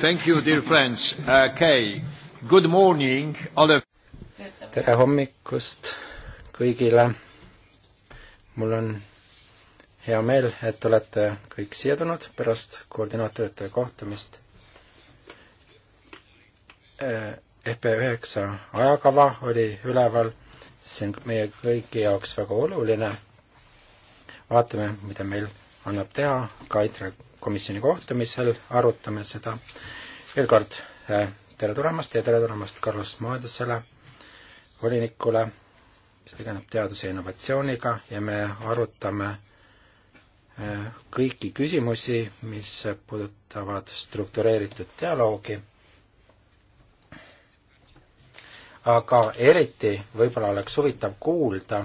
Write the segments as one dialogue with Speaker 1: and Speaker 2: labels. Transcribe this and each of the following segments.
Speaker 1: Thank you, dear friends. Okay, uh, good morning, Olev. tere hommikust kõigile. mul on hea meel, et olete kõik siia tulnud pärast koordinaatorite kohtumist. Eh, FP üheksa ajakava oli üleval, see on meie kõigi jaoks väga oluline. vaatame, mida meil annab teha ka ITRE komisjoni kohtumisel, arutame seda. veel kord äh, tere tulemast ja tere tulemast Carlos Moedasele, volinikule, kes tegeleb teaduse ja innovatsiooniga ja me arutame äh, kõiki küsimusi, mis puudutavad struktureeritud dialoogi aga eriti võib-olla oleks huvitav kuulda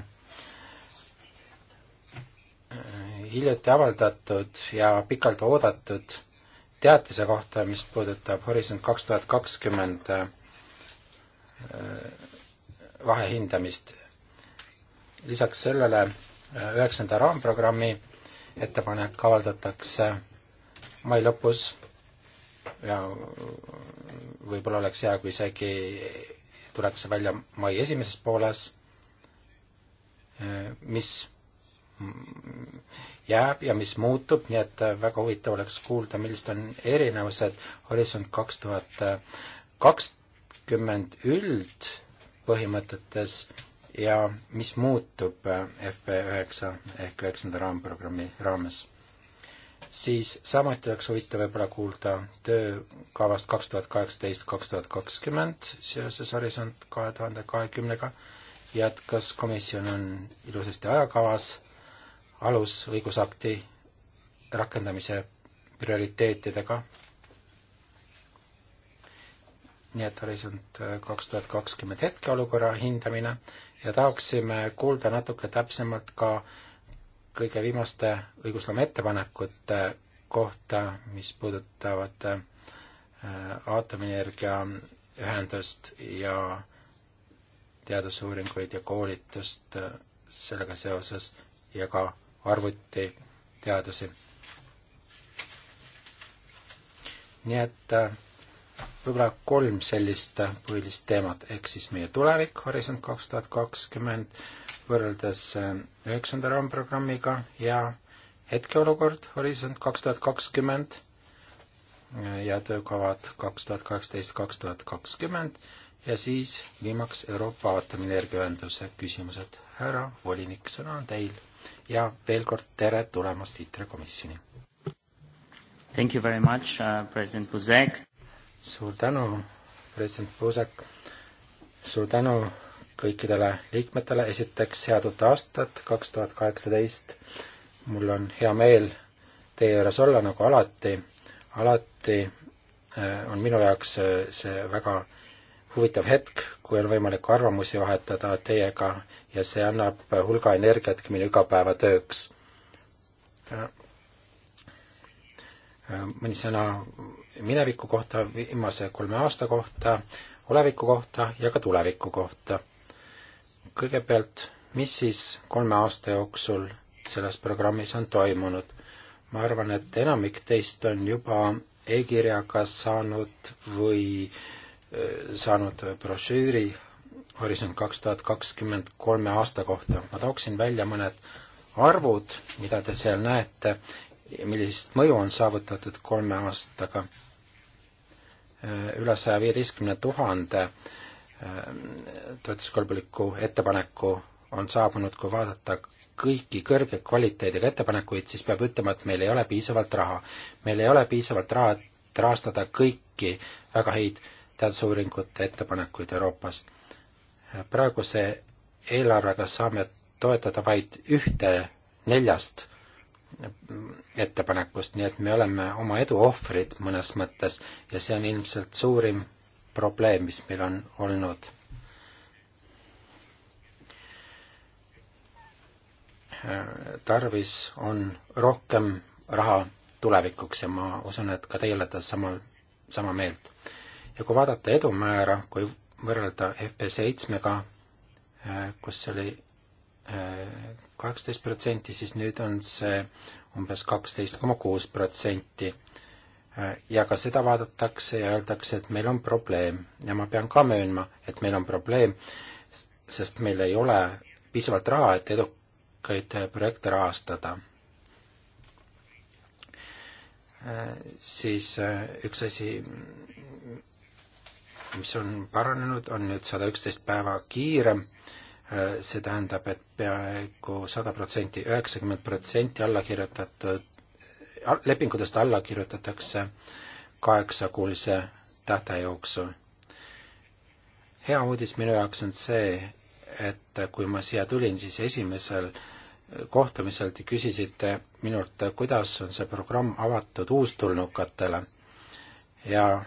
Speaker 1: äh, hiljuti avaldatud ja pikalt oodatud teatise kohta, mis puudutab Horisont kaks tuhat kakskümmend äh, vahehindamist. lisaks sellele äh, üheksanda raamprogrammi ettepanek avaldatakse mai lõpus ja võib-olla oleks hea, kui isegi tuleks see välja mai esimeses pooles, äh, mis jääb ja mis muutub, nii et äh, väga huvitav oleks kuulda, millised on erinevused Horisont kaks tuhat kakskümmend üldpõhimõtetes ja mis muutub äh, FP üheksa ehk üheksanda raamprogrammi raames. siis samuti oleks huvitav võib-olla kuulda töökavast kaks tuhat kaheksateist, kaks tuhat kakskümmend seoses Horisont kahe tuhande kahekümnega ja et kas komisjon on ilusasti ajakavas alusõigusakti rakendamise prioriteetidega. nii et horisont äh, kaks tuhat kakskümmend hetkeolukorra hindamine ja tahaksime kuulda natuke täpsemalt ka kõige viimaste õigusloome ettepanekute kohta, mis puudutavad äh, aatomienergia ühendust ja teadusuuringuid ja koolitust äh, sellega seoses ja ka arvutiteadlasi. nii et äh, võib-olla kolm sellist äh, põhilist teemat, ehk siis meie tulevik, Horisont kaks tuhat kakskümmend, võrreldes äh, üheksanda raamprogrammiga ja hetkeolukord, Horisont kaks tuhat kakskümmend ja töökavad kaks tuhat kaheksateist, kaks tuhat kakskümmend ja siis viimaks Euroopa aatomienergiaühenduse küsimused. härra volinik, sõna on teil ja veel kord tere tulemast ITRE komisjoni!
Speaker 2: Thank you very much uh,, president Buzek!
Speaker 1: suur tänu, president Buzek! suur tänu kõikidele liikmetele, esiteks head uut aastat, kaks tuhat kaheksateist. mul on hea meel teie juures olla, nagu alati, alati äh, on minu jaoks äh, see väga huvitav hetk, kui on võimalik arvamusi vahetada teiega ja see annab hulga energiat ka minu igapäevatööks. Äh, äh, mõni sõna mineviku kohta, viimase kolme aasta kohta, oleviku kohta ja ka tuleviku kohta. kõigepealt, mis siis kolme aasta jooksul selles programmis on toimunud? ma arvan, et enamik teist on juba e-kirjaga saanud või äh, saanud brošüüri Horisont kaks tuhat kakskümmend kolme aasta kohta. ma tooksin välja mõned arvud, mida te seal näete ja millist mõju on saavutatud kolme aastaga. üle saja viieteistkümne tuhande äh, toetuskõlbuliku ettepaneku on saabunud, kui vaadata kõiki kõrge kvaliteediga ettepanekuid, siis peab ütlema, et meil ei ole piisavalt raha. meil ei ole piisavalt raha, et rahastada kõiki väga häid teadusuuringute ettepanekuid Euroopas. praeguse eelarvega saame toetada vaid ühte neljast ettepanekust, nii et me oleme oma edu ohvrid mõnes mõttes ja see on ilmselt suurim probleem, mis meil on olnud. tarvis on rohkem raha tulevikuks ja ma usun, et ka teie olete samal, sama meelt ja kui vaadata edumäära, kui võrrelda FP7-ga, äh, kus oli äh, kaheksateist protsenti, siis nüüd on see umbes kaksteist koma kuus protsenti. Äh, ja ka seda vaadatakse ja öeldakse, et meil on probleem ja ma pean ka möönma, et meil on probleem, sest meil ei ole piisavalt raha, et edukaid projekte rahastada. siis üks asi mis on paranenud, on nüüd sada üksteist päeva kiirem, see tähendab, et peaaegu sada protsenti, üheksakümmend protsenti alla kirjutatud, lepingutest alla kirjutatakse kaheksakuulise tähtaja jooksul. hea uudis minu jaoks on see, et kui ma siia tulin, siis esimesel kohtumisel te küsisite minult, kuidas on see programm avatud uustulnukatele ja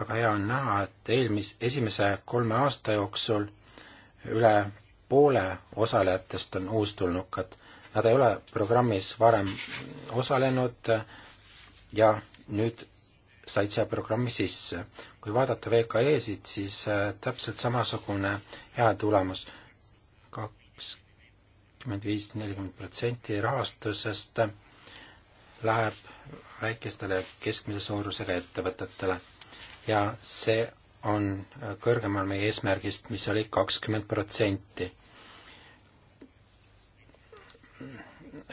Speaker 1: väga hea on näha, et eelmis-, esimese kolme aasta jooksul üle poole osalejatest on uustulnukad. Nad ei ole programmis varem osalenud ja nüüd said siia programmi sisse. kui vaadata VKE-sid, siis äh, täpselt samasugune hea tulemus, kakskümmend viis, nelikümmend protsenti rahastusest läheb väikestele keskmise suurusega ettevõtetele ja see on äh, kõrgemal meie eesmärgist, mis oli kakskümmend protsenti.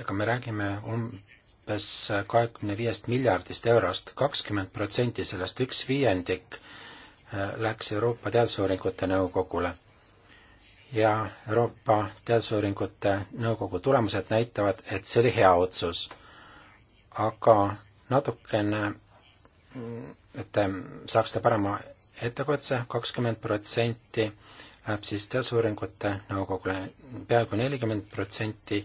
Speaker 1: ega me räägime umbes kahekümne viiest miljardist eurost, kakskümmend protsenti sellest, üks viiendik äh, läks Euroopa Teadusuuringute Nõukogule. ja Euroopa Teadusuuringute Nõukogu tulemused näitavad, et see oli hea otsus. aga natukene et ähm, saaks ta parema ettekutse, kakskümmend protsenti läheb siis teadusuuringute nõukogule peaaegu, peaaegu nelikümmend protsenti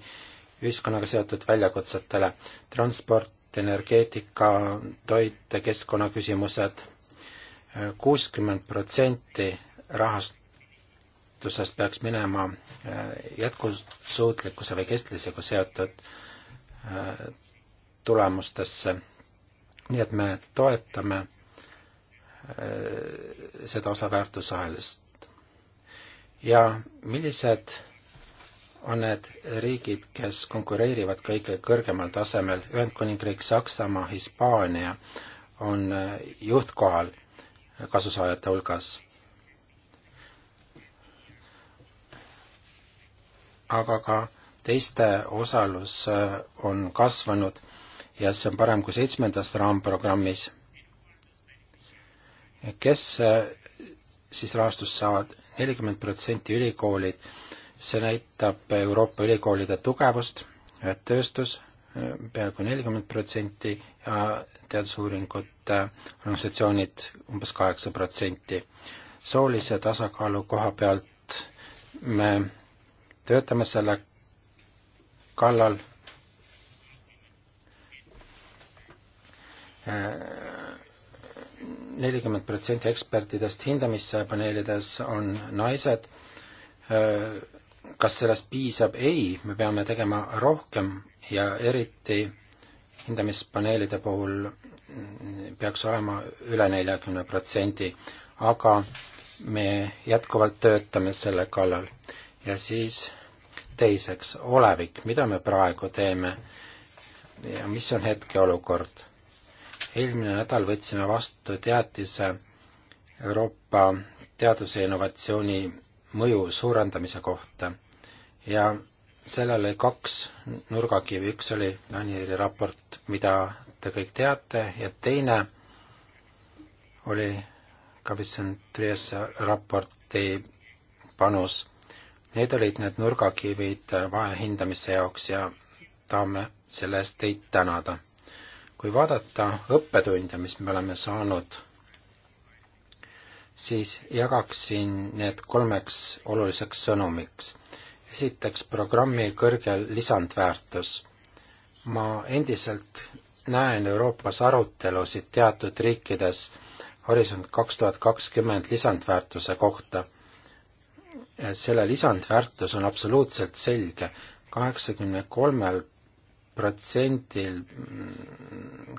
Speaker 1: ühiskonnaga seotud väljakutsetele, transport, energeetika, toit, keskkonnaküsimused, äh, kuuskümmend protsenti rahastusest peaks minema äh, jätkusuutlikkuse või kestlisega seotud äh, tulemustesse nii et me toetame äh, seda osa väärtusahelast. ja millised on need riigid, kes konkureerivad kõige kõrgemal tasemel, Ühendkuningriik, Saksamaa, Hispaania on äh, juhtkohal kasusaajate hulgas. aga ka teiste osalus äh, on kasvanud ja see on parem kui seitsmendas raamprogrammis. kes eh, siis rahastust saavad? nelikümmend protsenti ülikoolid, see näitab Euroopa ülikoolide tugevust, tööstus eh, peaaegu nelikümmend protsenti ja teadusuuringute eh, organisatsioonid umbes kaheksa protsenti. soolise tasakaalu koha pealt me töötame selle kallal nelikümmend protsenti ekspertidest hindamispaneelides on naised. kas sellest piisab? ei, me peame tegema rohkem ja eriti hindamispaneelide puhul peaks olema üle neljakümne protsendi, aga me jätkuvalt töötame selle kallal. ja siis teiseks, olevik, mida me praegu teeme ja mis on hetkeolukord eelmine nädal võtsime vastu teatise Euroopa teaduse ja innovatsiooni mõju suurendamise kohta ja sellel oli kaks nurgakivi, üks oli Lanieri raport, mida te kõik teate, ja teine oli Kabisson Triesse raporti panus. Need olid need nurgakivid vahehindamise jaoks ja tahame selle eest teid tänada kui vaadata õppetunde, mis me oleme saanud, siis jagaksin need kolmeks oluliseks sõnumiks. esiteks, programmi kõrge lisandväärtus. ma endiselt näen Euroopas arutelusid teatud riikides Horisont kaks tuhat kakskümmend lisandväärtuse kohta. selle lisandväärtus on absoluutselt selge, kaheksakümne kolmel protsendil,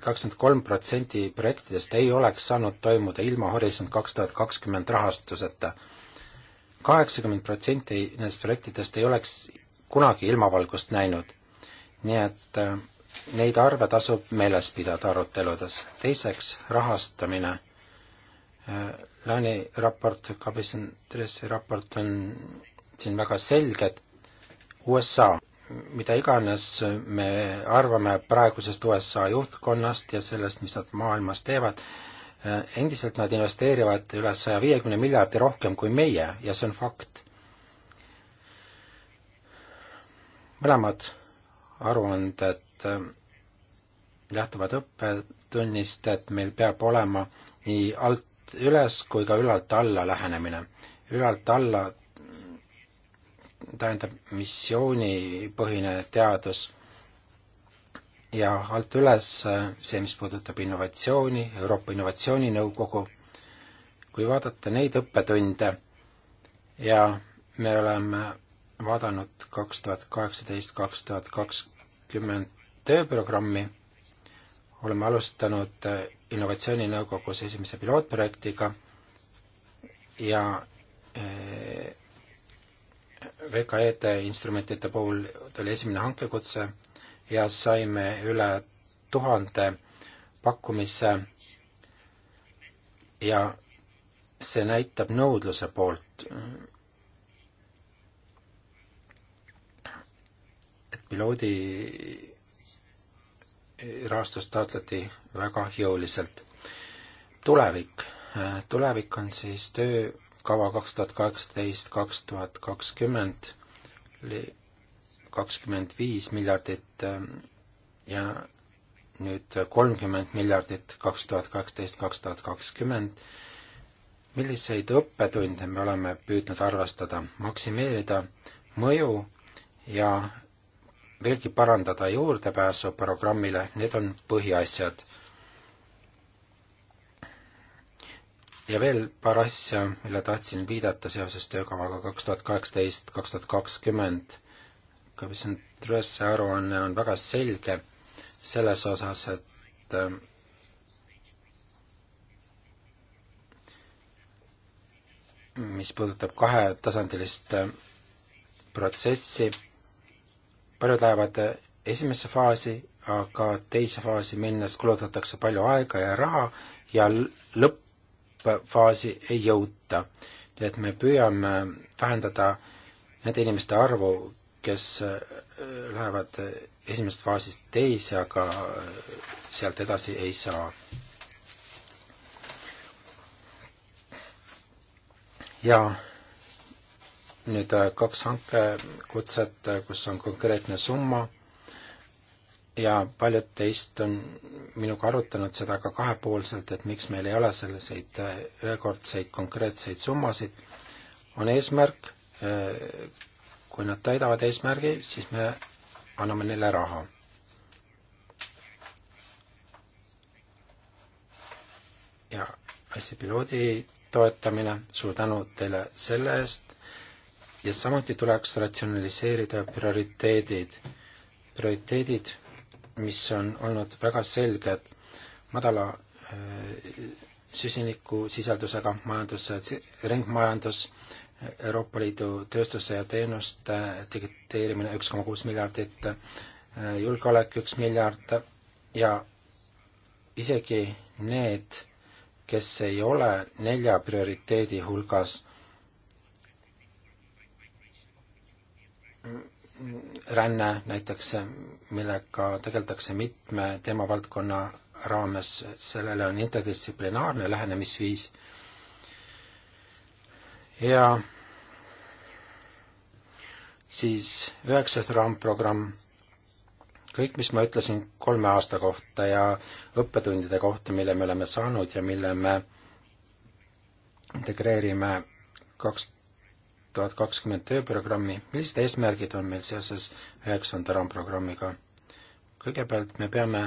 Speaker 1: kakskümmend kolm protsenti projektidest ei oleks saanud toimuda ilma Horisont kaks tuhat kakskümmend rahastuseta. kaheksakümmend protsenti nendest projektidest ei oleks kunagi ilmavalgust näinud. nii et äh, neid arve tasub meeles pidada aruteludes. teiseks, rahastamine. Äh, Lani raport, Kabisen Dressi raport on siin väga selged. USA mida iganes me arvame praegusest USA juhtkonnast ja sellest, mis nad maailmas teevad, eh, endiselt nad investeerivad üle saja viiekümne miljardi rohkem kui meie ja see on fakt. mõlemad aruanded eh, lähtuvad õppetunnist, et meil peab olema nii alt üles kui ka ülalt alla lähenemine. ülalt alla tähendab missioonipõhine teadus ja alt üles äh, see, mis puudutab innovatsiooni, Euroopa Innovatsiooninõukogu, kui vaadata neid õppetunde ja me oleme vaadanud kaks tuhat kaheksateist, kaks tuhat kakskümmend tööprogrammi, oleme alustanud äh, Innovatsiooninõukogus esimese pilootprojektiga ja äh, VKE-de instrumentide puhul tuli esimene hankekutse ja saime üle tuhande pakkumise ja see näitab nõudluse poolt, et piloodi rahastust taotleti väga jõuliselt. tulevik, tulevik on siis töö tegevuskava kaks tuhat kaheksateist, kaks tuhat kakskümmend oli kakskümmend viis miljardit ähm, ja nüüd kolmkümmend miljardit kaks tuhat kaksteist, kaks tuhat kakskümmend. milliseid õppetunde me oleme püüdnud arvestada, maksimeerida mõju ja veelgi parandada juurdepääsu programmile, need on põhiasjad ja veel paar asja, mille tahtsin viidata seoses töökavaga kaks tuhat kaheksateist, kaks tuhat kakskümmend. komisjon Tröösse aruanne on väga selge selles osas, et äh, mis puudutab kahetasandilist äh, protsessi, paljud lähevad äh, esimesse faasi, aga teise faasi minnes kulutatakse palju aega ja raha ja lõpp faasi ei jõuta. nii et me püüame vähendada nende inimeste arvu, kes äh, lähevad äh, esimesest faasist teise, aga äh, sealt edasi ei saa. ja nüüd kaks hankekutset, kus on konkreetne summa ja paljud teist on minuga arutanud seda ka kahepoolselt, et miks meil ei ole selliseid äh, ühekordseid konkreetseid summasid, on eesmärk, äh, kui nad täidavad eesmärgi, siis me anname neile raha. ja hästi, piloodi toetamine, suur tänu teile selle eest ja samuti tuleks ratsionaliseerida prioriteedid, prioriteedid mis on olnud väga selged madala äh, süsinikusisaldusega majandus, ringmajandus, Euroopa Liidu tööstuse ja teenuste digiteerimine üks koma kuus miljardit, äh, julgeolek üks miljard ja isegi need, kes ei ole nelja prioriteedi hulgas, ränne näiteks, millega tegeldakse mitme teemavaldkonna raames, sellele on interdistsiplinaarne lähenemisviis ja siis üheksas raamprogramm, kõik, mis ma ütlesin kolme aasta kohta ja õppetundide kohta, mille me oleme saanud ja mille me integreerime kaks tuhat kakskümmend tööprogrammi, millised eesmärgid on meil seoses üheksanda raamprogrammiga? kõigepealt me peame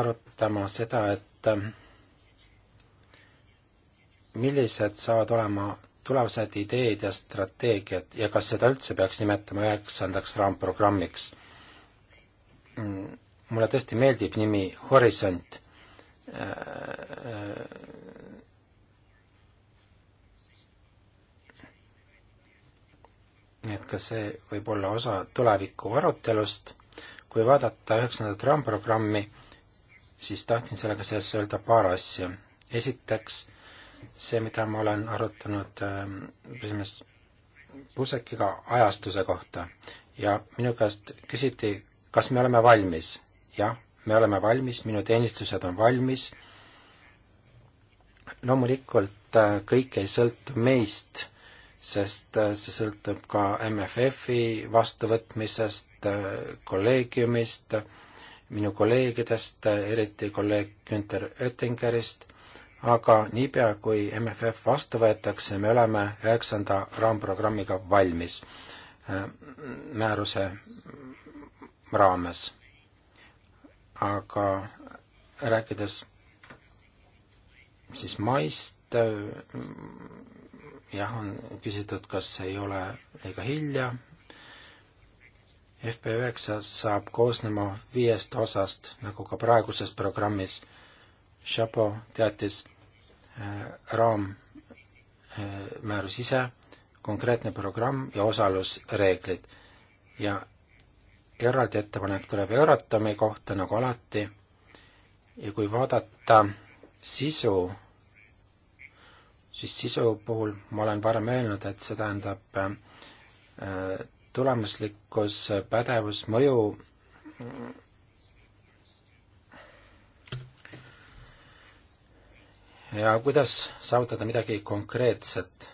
Speaker 1: arutama seda, et ähm, millised saavad olema tulevased ideed ja strateegiad ja kas seda üldse peaks nimetama üheksandaks raamprogrammiks? Mm, mulle tõesti meeldib nimi Horisont äh, äh, nii et ka see võib olla osa tuleviku arutelust. kui vaadata üheksandat raamprogrammi, siis tahtsin sellega seoses öelda paar asja. esiteks, see, mida ma olen arutanud ähm, esimees äh, Pusekiga ajastuse kohta ja minu käest küsiti, kas me oleme valmis. jah, me oleme valmis, minu teenistused on valmis. loomulikult äh, kõik ei sõltu meist sest äh, see sõltub ka MFF-i vastuvõtmisest, äh, kolleegiumist, minu kolleegidest, äh, eriti kolleeg Günter Oettingerist, aga niipea, kui MFF vastu võetakse, me oleme üheksanda raamprogrammiga valmis määruse raames. aga rääkides siis maist, jah, on küsitud, kas ei ole liiga hilja. FP9 saab koosnema viiest osast, nagu ka praeguses programmis. Chapo teatis äh, raammäärus äh, ise, konkreetne programm ja osalusreeglid. ja eraldi ettepanek tuleb Euratomi kohta, nagu alati, ja kui vaadata sisu siis sisu puhul ma olen varem öelnud, et see tähendab äh, tulemuslikkus, pädevus, mõju, ja kuidas saavutada midagi konkreetset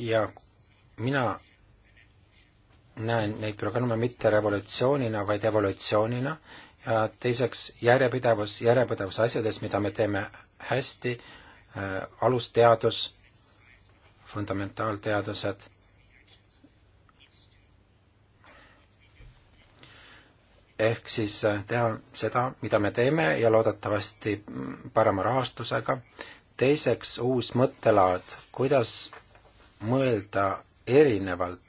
Speaker 1: ja mina näen neid programme mitte revolutsioonina, vaid evolutsioonina ja teiseks järjepidevus, järjepidevus asjades, mida me teeme hästi äh,, alusteadus, fundamentaalteadused, ehk siis äh, teha seda, mida me teeme ja loodetavasti mm, parema rahastusega, teiseks uus mõttelaad, kuidas mõelda erinevalt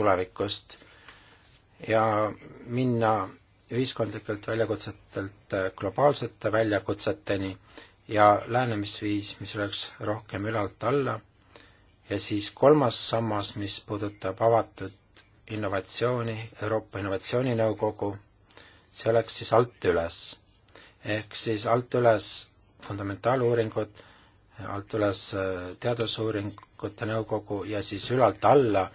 Speaker 1: tulevikust ja minna ühiskondlikelt väljakutsetelt globaalsete väljakutseteni ja lähenemisviis, mis oleks rohkem ülalt alla. ja siis kolmas sammas, mis puudutab avatud innovatsiooni, Euroopa Innovatsiooninõukogu, see oleks siis alt üles. ehk siis alt üles fundamentaaluuringud, alt üles teadusuuringute nõukogu ja siis ülalt alla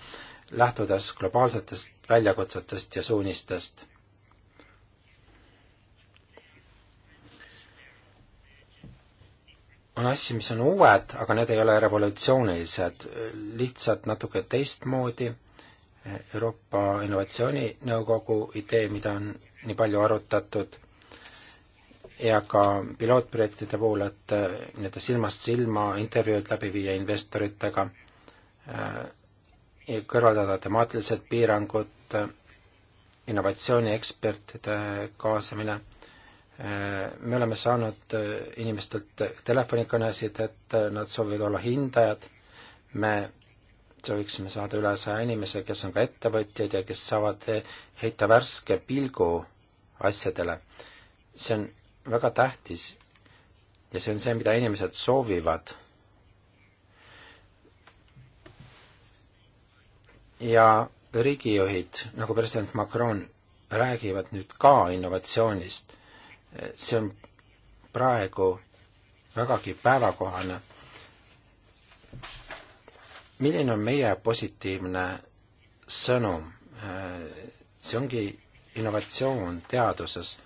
Speaker 1: lähtudes globaalsetest väljakutsetest ja suunistest. on asju, mis on uued, aga need ei ole revolutsioonilised, lihtsalt natuke teistmoodi. Euroopa Innovatsiooninõukogu idee, mida on nii palju arutatud ja ka pilootprojektide puhul, et nii-öelda silmast silma intervjuud läbi viia investoritega, kõrvaldada temaatilised piirangud, innovatsiooniekspertide kaasamine, me oleme saanud inimestelt telefonikõnesid, et nad soovivad olla hindajad, me sooviksime saada üle saja inimese, kes on ka ettevõtjad ja kes saavad heita värske pilgu asjadele. see on väga tähtis ja see on see, mida inimesed soovivad ja riigijuhid, nagu president Macron, räägivad nüüd ka innovatsioonist. see on praegu vägagi päevakohane. milline on meie positiivne sõnum? see ongi innovatsioon teaduses.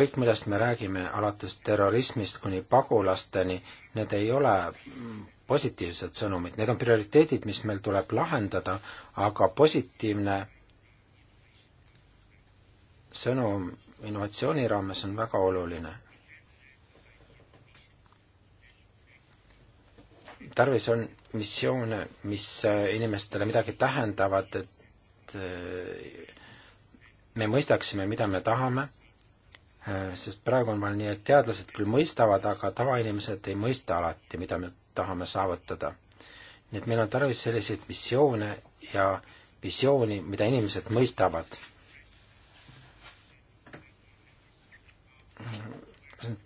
Speaker 1: kõik, millest me räägime, alates terrorismist kuni pagulasteni, need ei ole positiivsed sõnumid, need on prioriteedid, mis meil tuleb lahendada, aga positiivne sõnum innovatsiooni raames on väga oluline. tarvis on missioone, mis inimestele midagi tähendavad, et äh, me mõistaksime, mida me tahame äh, sest praegu on veel nii, et teadlased küll mõistavad, aga tavainimesed ei mõista alati, mida me tahame saavutada. nii et meil on tarvis selliseid missioone ja visiooni, mida inimesed mõistavad.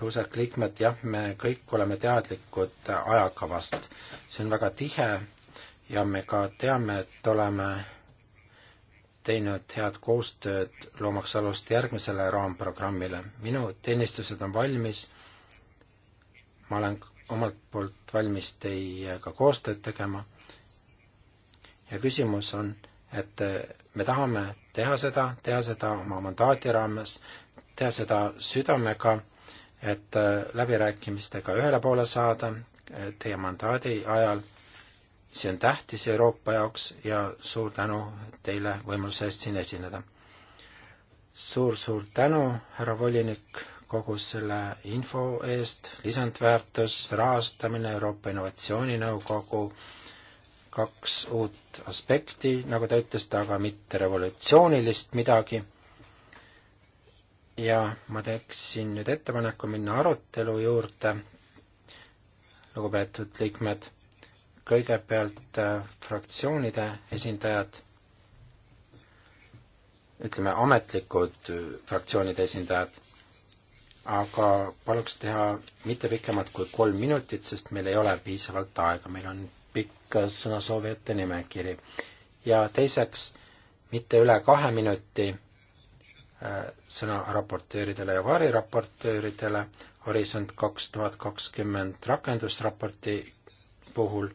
Speaker 1: põusak liikmed, jah, me kõik oleme teadlikud ajakavast. see on väga tihe ja me ka teame, et oleme teinud head koostööd, loomaks alust järgmisele raamprogrammile. minu teenistused on valmis, ma olen omalt poolt valmis teiega koostööd tegema. ja küsimus on, et me tahame teha seda, teha seda oma mandaati raames, teha seda südamega, et läbirääkimistega ühele poole saada teie mandaadi ajal. see on tähtis Euroopa jaoks ja suur tänu teile võimaluse eest siin esineda suur,. suur-suur tänu, härra volinik kogu selle info eest, lisandväärtus, rahastamine, Euroopa Innovatsiooninõukogu, kaks uut aspekti, nagu ta ütles, aga mitte revolutsioonilist midagi. ja ma teeksin nüüd ettepaneku minna arutelu juurde, lugupeetud liikmed, kõigepealt äh, fraktsioonide esindajad ütleme, ametlikud äh, fraktsioonide esindajad aga paluks teha mitte pikemalt kui kolm minutit, sest meil ei ole piisavalt aega, meil on pikk sõnasoovijate nimekiri. ja teiseks, mitte üle kahe minuti äh, sõna raportööridele ja variraportööridele, Horisont kaks tuhat kakskümmend rakendusraporti puhul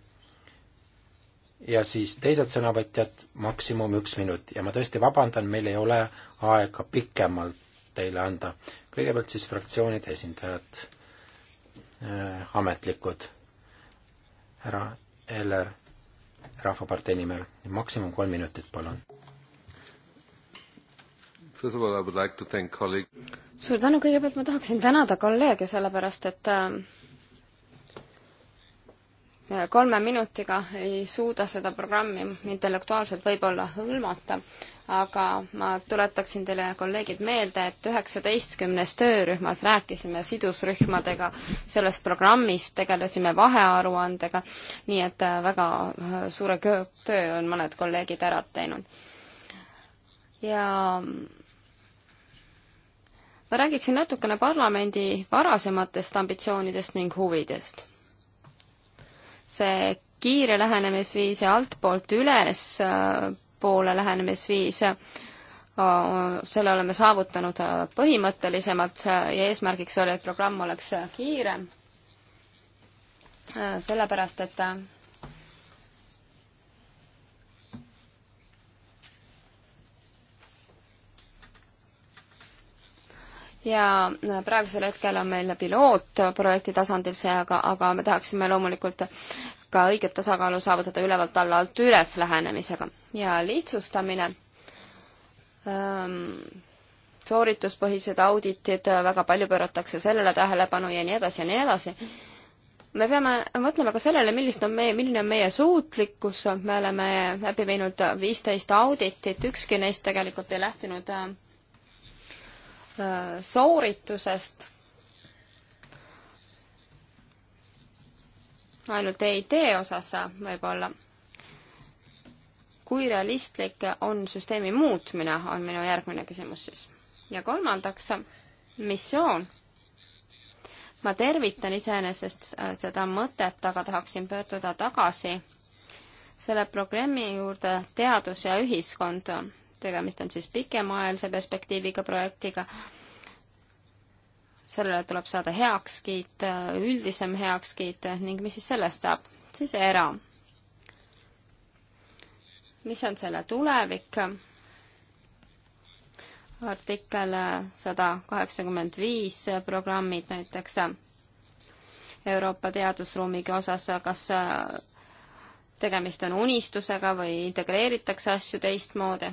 Speaker 1: ja siis teised sõnavõtjad maksimum üks minut ja ma tõesti vabandan, meil ei ole aega pikemalt teile anda. kõigepealt siis fraktsioonide esindajad, äh, ametlikud. härra Eller Rahvapartei nimel, maksimum kolm minutit, palun.
Speaker 3: suur tänu, kõigepealt ma tahaksin tänada kolleege, sellepärast et äh, kolme minutiga ei suuda seda programmi intellektuaalselt võib-olla hõlmata, aga ma tuletaksin teile, kolleegid, meelde, et üheksateistkümnes töörühmas rääkisime sidusrühmadega sellest programmist, tegelesime vahearuandega, nii et äh, väga äh, suure töö on mõned kolleegid ära teinud. ja ma räägiksin natukene parlamendi varasematest ambitsioonidest ning huvidest. see kiire lähenemisviis ja altpoolt üles äh, poole lähenemisviis. Äh, selle oleme saavutanud äh, põhimõttelisemalt äh, ja eesmärgiks oli, et programm oleks kiirem, sellepärast et ja äh, praegusel hetkel on meil pilootprojekti tasandil see, aga, aga me tahaksime loomulikult ka õiget tasakaalu saavutada ülevalt alla alt üles lähenemisega. ja lihtsustamine ähm,, soorituspõhised auditid, äh, väga palju pööratakse sellele tähelepanu ja nii edasi ja nii edasi. me peame mõtlema ka sellele, millist on meie, milline on meie suutlikkus, me oleme läbi viinud viisteist auditit, ükski neist tegelikult ei lähtunud äh, Äh, sooritusest. ainult EIT osas võib-olla. kui realistlik on süsteemi muutmine, on minu järgmine küsimus siis. ja kolmandaks, missioon. ma tervitan iseenesest seda mõtet, aga tahaksin pöörduda tagasi selle programmi juurde Teadus ja ühiskond tegemist on siis pikemaajalise perspektiiviga projektiga, sellele tuleb saada heakskiit, üldisem heakskiit ning mis siis sellest saab? siis era. mis on selle tulevik? artikkel sada kaheksakümmend viis programmid näiteks Euroopa teadusruumigi osas, kas tegemist on unistusega või integreeritakse asju teistmoodi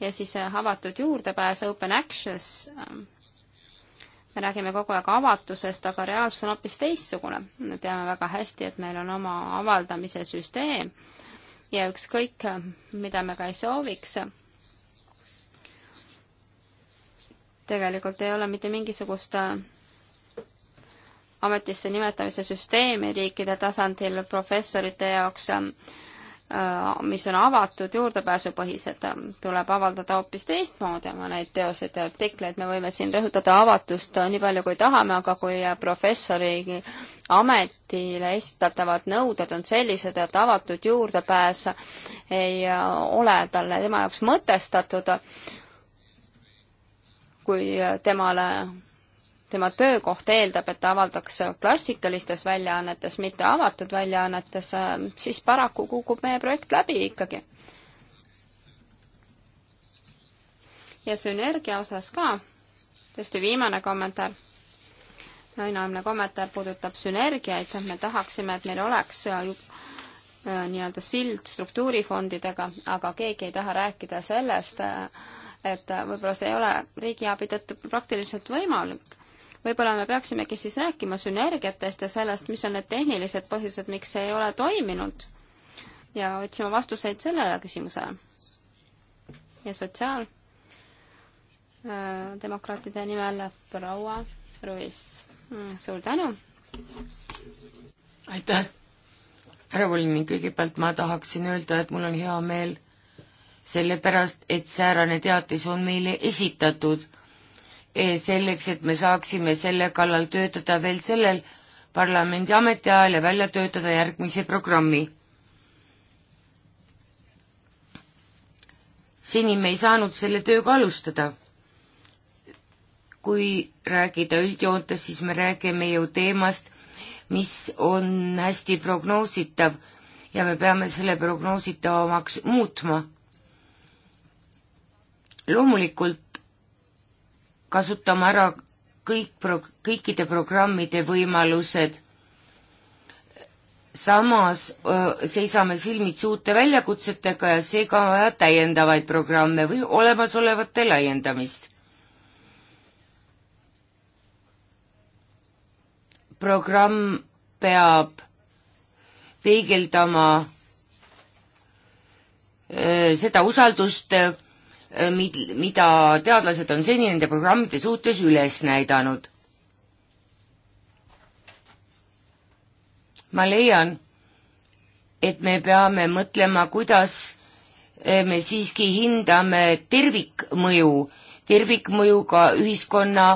Speaker 3: ja siis avatud juurdepääs, open access, me räägime kogu aeg avatusest, aga reaalsus on hoopis teistsugune. me teame väga hästi, et meil on oma avaldamise süsteem ja ükskõik, mida me ka ei sooviks, tegelikult ei ole mitte mingisugust ametisse nimetamise süsteemi riikide tasandil professorite jaoks äh, Äh, mis on avatud, juurdepääsupõhised, tuleb avaldada hoopis teistmoodi oma neid teoseid ja artikleid, me võime siin rõhutada avatust nii palju, kui tahame, aga kui professori ametile esitatavad nõuded on sellised, et avatud juurdepääs ei äh, ole talle, tema jaoks mõtestatud, kui temale tema töökoht eeldab, et ta avaldaks klassikalistes väljaannetes, mitte avatud väljaannetes, ähm, siis paraku kukub meie projekt läbi ikkagi. ja sünergia osas ka, tõesti viimane kommentaar no,, ainuomne kommentaar puudutab sünergiaid, me tahaksime, et meil oleks äh, äh, nii-öelda sild struktuurifondidega, aga keegi ei taha rääkida sellest, äh, et võib-olla see ei ole riigiabi tõttu praktiliselt võimalik võib-olla me peaksimegi siis rääkima sünergiatest ja sellest, mis on need tehnilised põhjused, miks see ei ole toiminud ja otsima vastuseid sellele küsimusele. ja sotsiaaldemokraatide äh, nimel proua Ruiz, mm, suur tänu!
Speaker 2: aitäh! härra volinik, kõigepealt ma tahaksin öelda, et mul on hea meel sellepärast, et säärane teatis on meile esitatud Eh, selleks, et me saaksime selle kallal töötada veel sellel parlamendi ametiajal ja välja töötada järgmise programmi. seni me ei saanud selle tööga alustada. kui rääkida üldjoontes, siis me räägime ju teemast, mis on hästi prognoositav ja me peame selle prognoositavamaks muutma. loomulikult kasutama ära kõik pro-, kõikide programmide võimalused. samas öö, seisame silmitsi uute väljakutsetega ja seega on vaja täiendavaid programme või olemasolevate laiendamist. programm peab peegeldama öö, seda usaldust, mid-, mida teadlased on seni nende programmide suhtes üles näidanud. ma leian, et me peame mõtlema, kuidas eh, me siiski hindame tervikmõju, tervikmõju ka ühiskonna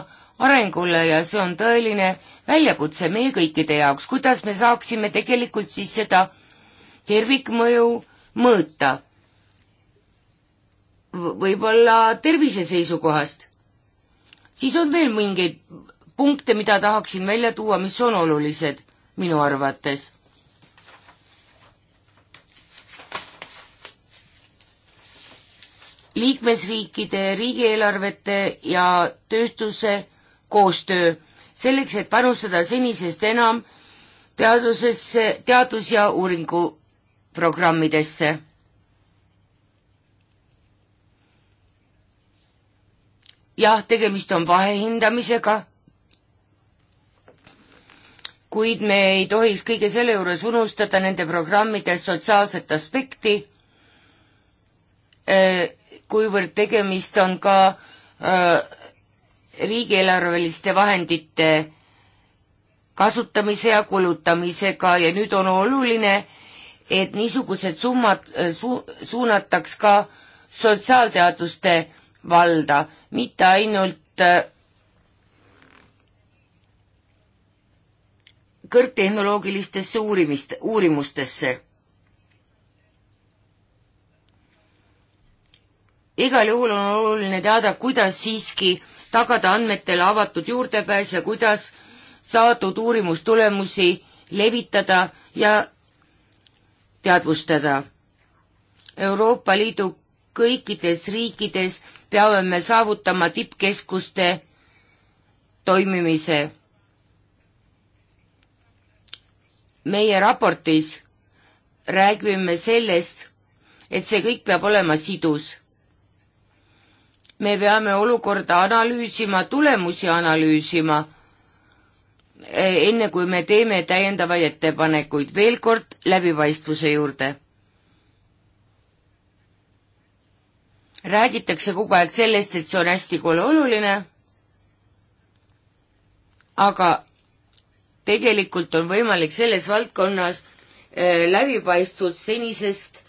Speaker 2: arengule ja see on tõeline väljakutse meie kõikide jaoks, kuidas me saaksime tegelikult siis seda tervikmõju mõõta võib-olla tervise seisukohast. siis on veel mingeid punkte, mida tahaksin välja tuua, mis on olulised minu arvates. liikmesriikide riigieelarvete ja tööstuse koostöö selleks, et panustada senisest enam teadusesse, teadus- ja uuringuprogrammidesse jah, tegemist on vahehindamisega, kuid me ei tohiks kõige selle juures unustada nende programmide sotsiaalset aspekti, äh, kuivõrd tegemist on ka äh, riigieelarveliste vahendite kasutamise ja kulutamisega ja nüüd on oluline, et niisugused summad äh, su suunataks ka sotsiaalteaduste valda, mitte ainult äh, kõrgtehnoloogilistesse uurimist, uurimustesse. igal juhul on oluline teada, kuidas siiski tagada andmetele avatud juurdepääs ja kuidas saadud uurimustulemusi levitada ja teadvustada. Euroopa Liidu kõikides riikides peame me saavutama tippkeskuste toimimise. meie raportis räägime sellest, et see kõik peab olema sidus. me peame olukorda analüüsima, tulemusi analüüsima, enne kui me teeme täiendavaid ettepanekuid, veel kord läbipaistvuse juurde räägitakse kogu aeg sellest, et see on hästi kole oluline, aga tegelikult on võimalik selles valdkonnas äh, läbipaistvust senisest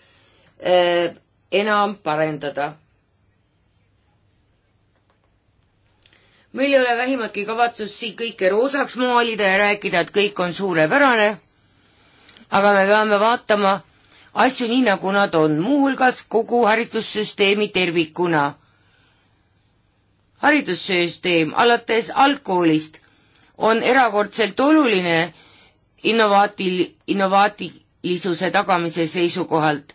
Speaker 2: äh, enam parendada. meil ei ole vähimatki kavatsust siin kõike roosaks maalida ja rääkida, et kõik on suurepärane, aga me peame vaatama, asju nii, nagu nad on, muuhulgas kogu haridussüsteemi tervikuna. haridussüsteem alates algkoolist on erakordselt oluline innovaatil-, innovaatilisuse tagamise seisukohalt.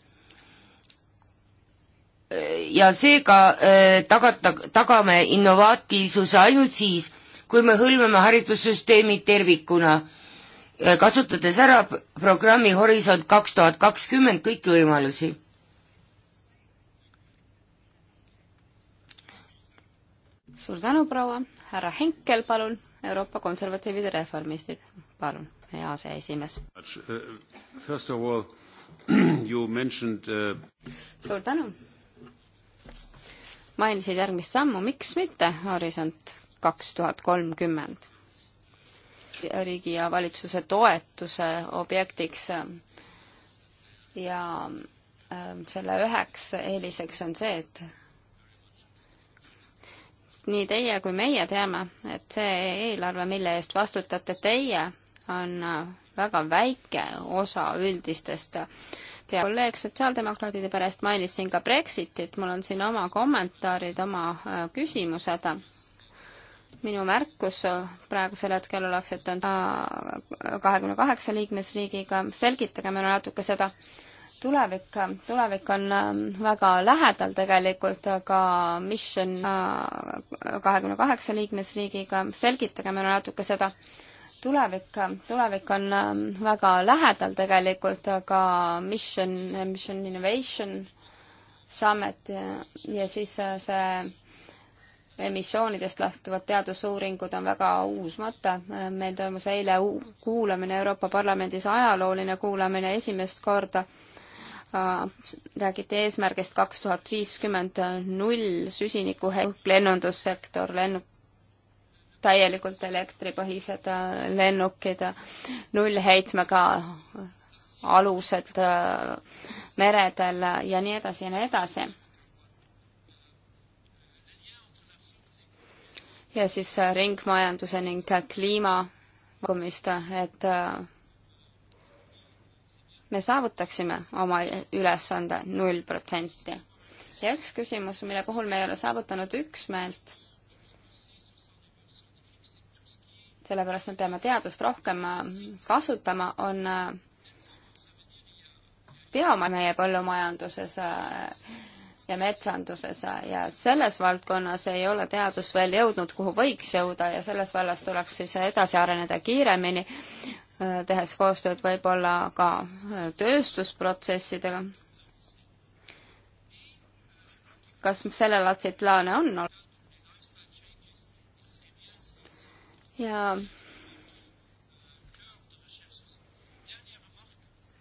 Speaker 2: ja seega äh, tagata, tagame innovaatilisuse ainult siis, kui me hõlmame haridussüsteemi tervikuna Äh, kasutades ära programmi Horisont kaks tuhat kakskümmend kõiki võimalusi.
Speaker 3: suur tänu, proua, härra Henkel, palun, Euroopa Konservatiivide Reformistid, palun, hea aseesimees.
Speaker 1: Uh, first of all you mentioned uh...
Speaker 3: suur tänu. mainisid järgmist sammu, miks mitte, Horisont kaks tuhat kolmkümmend riigi ja valitsuse toetuse objektiks. ja ähm, selle üheks eeliseks on see, et nii teie kui meie teame, et see eelarve, mille eest vastutate teie, on äh, väga väike osa üldistest ja kolleeg sotsiaaldemokraatide perest mainisin ka Brexitit, mul on siin oma kommentaarid, oma äh, küsimused minu märkus praegusel hetkel oleks, et on kahekümne kaheksa liikmesriigiga, selgitage meile natuke seda, tulevik, tulevik on ähm, väga lähedal tegelikult, aga mission äh, kahekümne kaheksa liikmesriigiga, selgitage meile natuke seda, tulevik, tulevik on ähm, väga lähedal tegelikult, aga mission, mission innovation summit ja, ja siis äh, see emissioonidest lähtuvad teadusuuringud on väga uus mõte. meil toimus eile kuulamine Euroopa Parlamendis, ajalooline kuulamine esimest korda. Äh, räägiti eesmärgist kaks tuhat viiskümmend null süsiniku lennundussektor, lennuk, täielikult elektripõhised äh, lennukid, nullheitmega alused äh, meredel ja nii edasi ja nii edasi ja siis äh, ringmajanduse ning äh, kliima pakkumist, et äh, me saavutaksime oma ülesande null protsenti. ja üks küsimus, mille puhul me ei ole saavutanud üksmeelt, sellepärast me peame teadust rohkem kasutama, on bioma meie põllumajanduses ja metsanduses ja selles valdkonnas ei ole teadus veel jõudnud, kuhu võiks jõuda ja selles vallas tuleks siis edasi areneda kiiremini, tehes koostööd võib-olla ka tööstusprotsessidega. kas sellelaadseid plaane on? ja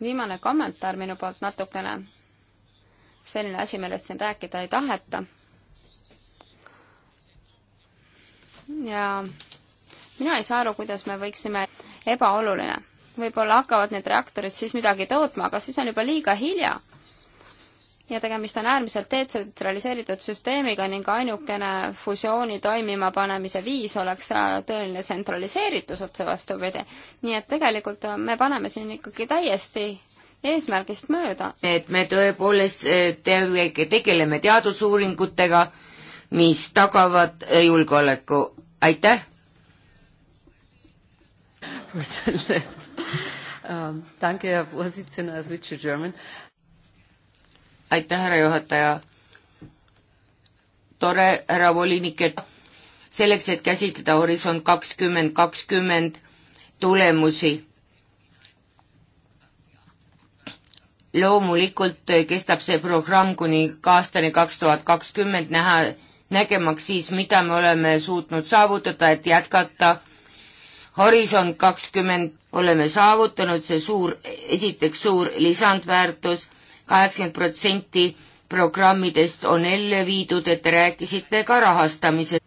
Speaker 3: viimane kommentaar minu poolt natukene selline asi, millest siin rääkida ei taheta. ja mina ei saa aru, kuidas me võiksime, ebaoluline, võib-olla hakkavad need reaktorid siis midagi tootma, aga siis on juba liiga hilja. ja tegemist on äärmiselt detsentraliseeritud süsteemiga ning ainukene fusiooni toimima panemise viis oleks tõeline tsentraliseeritus otse vastupidi. nii et tegelikult me paneme siin ikkagi täiesti eesmärgist mööda.
Speaker 2: et me tõepoolest eh, tegeleme teadusuuringutega, mis tagavad eh, julgeoleku, aitäh! Ähm, aitäh, härra juhataja! tore, härra volinik, et selleks, et käsitleda Horisont kakskümmend kakskümmend tulemusi loomulikult eh, kestab see programm kuni aastani kaks tuhat kakskümmend näha, nägemaks siis, mida me oleme suutnud saavutada, et jätkata Horisont kakskümmend oleme saavutanud, see suur, esiteks suur lisandväärtus, kaheksakümmend protsenti programmidest on ellu viidud, et te rääkisite ka rahastamise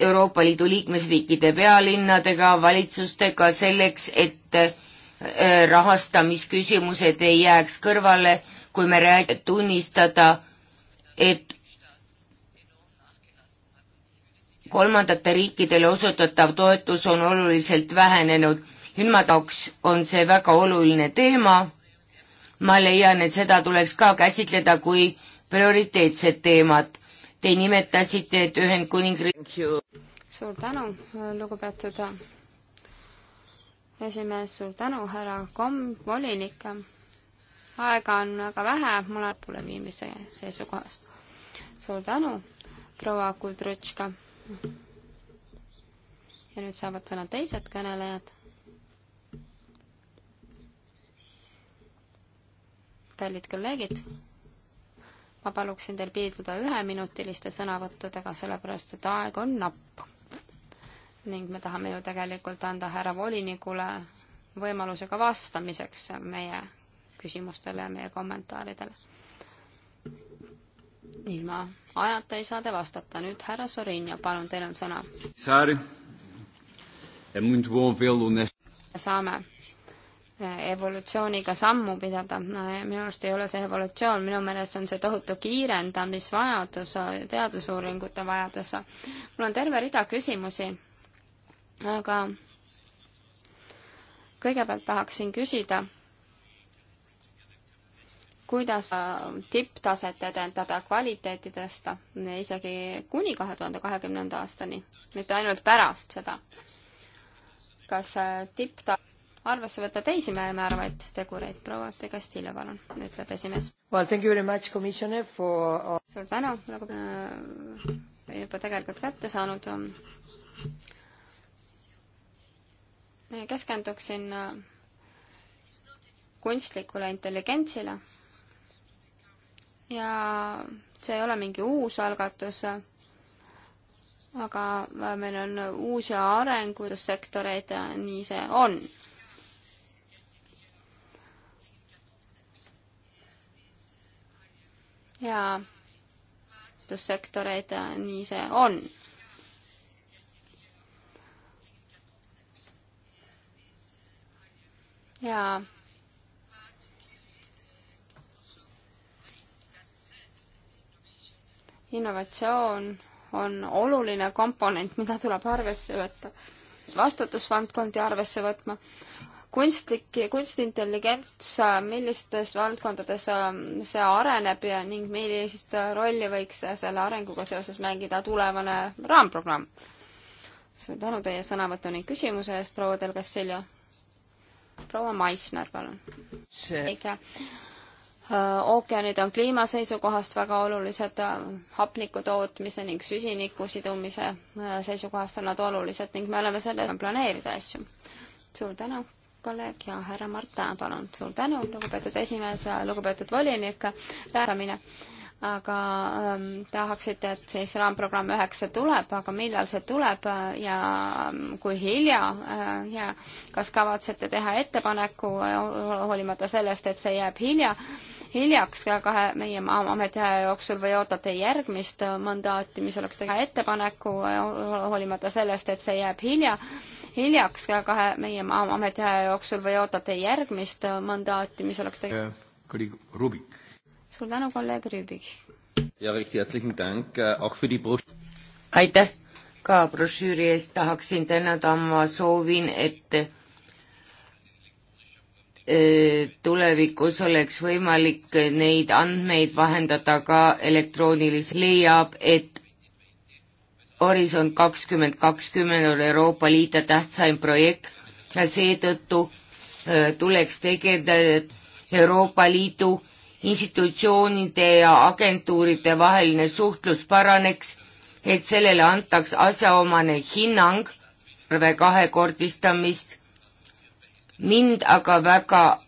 Speaker 2: Euroopa Liidu liikmesriikide pealinnadega, valitsustega selleks, et Äh, rahastamisküsimused ei jääks kõrvale, kui me räägime tunnistada, et kolmandate riikidele osutatav toetus on oluliselt vähenenud. Hünmatoks on see väga oluline teema. ma leian, et seda tuleks ka käsitleda kui prioriteetset teemat. Te nimetasite, et Ühendkuningriik.
Speaker 3: suur tänu, lugupeetud esimees, suur tänu, härra komm-, volinik. aega on väga vähe, mul on poole viimise seisukohast. suur tänu, proua Kudrutška. ja nüüd saavad sõna teised kõnelejad. kallid kolleegid, ma paluksin teil piirduda üheminutiliste sõnavõttudega, sellepärast et aeg on napp ning me tahame ju tegelikult anda härra volinikule võimaluse ka vastamiseks meie küsimustele ja meie kommentaaridele. ilma ajata ei saa te vastata. nüüd härra Sorinio, palun, teil on sõna. saame evolutsiooniga sammu pidada no,, minu arust ei ole see evolutsioon, minu meelest on see tohutu kiirendamisvajadus, teadusuuringute vajadus. mul on terve rida küsimusi aga kõigepealt tahaksin küsida, kuidas tipptaset edendada, kvaliteeti tõsta, isegi kuni kahe tuhande kahekümnenda aastani, mitte ainult pärast seda. kas tippta-, arvesse võtta teisi määravaid tegureid, proua De Castillo, palun, ütleb esimees. Well, thank you very much, commissioner, for uh, suur tänu, nagu me äh, juba tegelikult kätte saanud on keskenduksin äh, kunstlikule intelligentsile ja see ei ole mingi uus algatus, aga äh, meil on uusi arengudussektoreid ja nii see on. ja sektoreid ja nii see on ja innovatsioon on oluline komponent, mida tuleb arvesse võtta, vastutusvaldkondi arvesse võtma. kunstlik, kunstintelligents, millistes valdkondades ähm, see areneb ja ning millist rolli võiks selle arenguga seoses mängida tulevane raamprogramm? suur tänu teie sõnavõtu ning küsimuse eest, proua Del Castillo proua Maisner, palun. õige. Äh, ookeanid on kliima seisukohast väga olulised, äh, hapniku tootmise ning süsiniku sidumise äh, seisukohast on nad olulised ning me oleme selle, planeerida asju. suur tänu, kolleeg ja härra Martin, palun. suur tänu, lugupeetud esimees, lugupeetud volinik, rääkimine aga ähm, tahaksite, et siis raamprogramm üheksa tuleb, aga millal see tuleb äh, ja ähm, kui hilja äh, ja kas kavatsete teha ettepaneku äh, hoolimata sellest, et see jääb hilja, hiljaks ka kahe meie ametiaja jooksul või ootate järgmist äh, mandaati, mis oleks teha ettepaneku hoolimata sellest, et see jääb hilja, hiljaks ka kahe meie ametiaja jooksul või ootate järgmist mandaati, mis oleks teha?
Speaker 1: kolleeg Rubik
Speaker 3: suur tänu, kolleeg Rüübik!
Speaker 1: Äh,
Speaker 2: aitäh ka brošüüri eest, tahaksin tänada, ma soovin, et äh, tulevikus oleks võimalik neid andmeid vahendada ka elektroonilis-, leiab, et Horisont kakskümmend kakskümmend on Euroopa Liidu tähtsaim projekt ja seetõttu äh, tuleks tegeleda Euroopa Liidu institutsioonide ja agentuuride vaheline suhtlus paraneks, et sellele antaks asjaomane hinnang, kahekordistamist. mind aga väga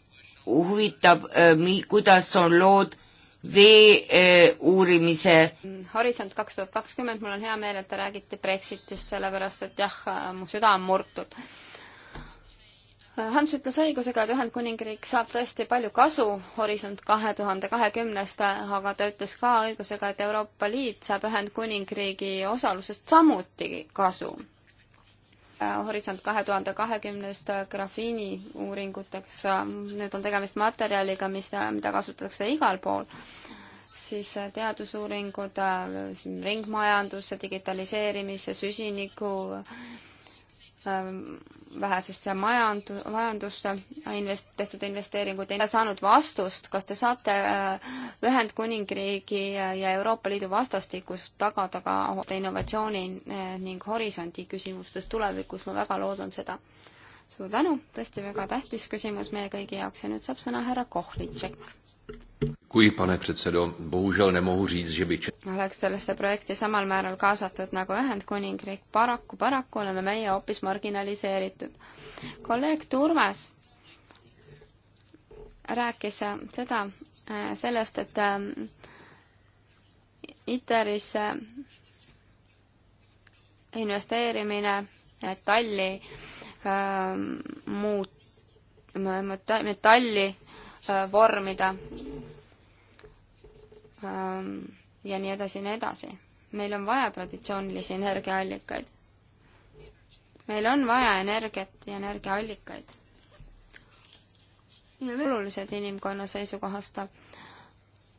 Speaker 2: huvitab, äh, kuidas on lood vee äh, uurimise.
Speaker 3: Horisont kaks tuhat kakskümmend, mul on hea meel, et te räägite Brexitist, sellepärast et jah, mu süda on murtud Hans ütles õigusega, et Ühendkuningriik saab tõesti palju kasu Horisont kahe tuhande kahekümnest, aga ta ütles ka õigusega, et Euroopa Liit saab Ühendkuningriigi osalusest samuti kasu. Horisont kahe tuhande kahekümnest grafiini uuringuteks, nüüd on tegemist materjaliga, mis, mida kasutatakse igal pool, siis teadusuuringud ringmajandusse, digitaliseerimisse, süsiniku Ähm, vähesesse majand-, majandusse invest-, tehtud investeeringuid, ei ole saanud vastust, kas te saate äh, Ühendkuningriigi ja Euroopa Liidu vastastikust tagada ka innovatsiooni äh, ning horisondi küsimustes tulevikus, ma väga loodan seda suur tänu, tõesti väga tähtis küsimus meie kõigi jaoks ja nüüd saab sõna härra Kohlitšek.
Speaker 1: Kui pane predsedo, bohužel nemohu říct, že by...
Speaker 3: ma oleks sellesse projekti samal määral kaasatud nagu Ühendkuningriik, paraku, paraku oleme meie hoopis marginaliseeritud. kolleeg Turves rääkis äh, seda, äh, sellest, et äh, ITER-is investeerimine talli Ähm, muut-, metalli äh, vormida ähm, ja nii edasi ja nii edasi. meil on vaja traditsioonilisi energiaallikaid. meil on vaja energiat ja energiaallikaid. olulised inimkonna seisukohast,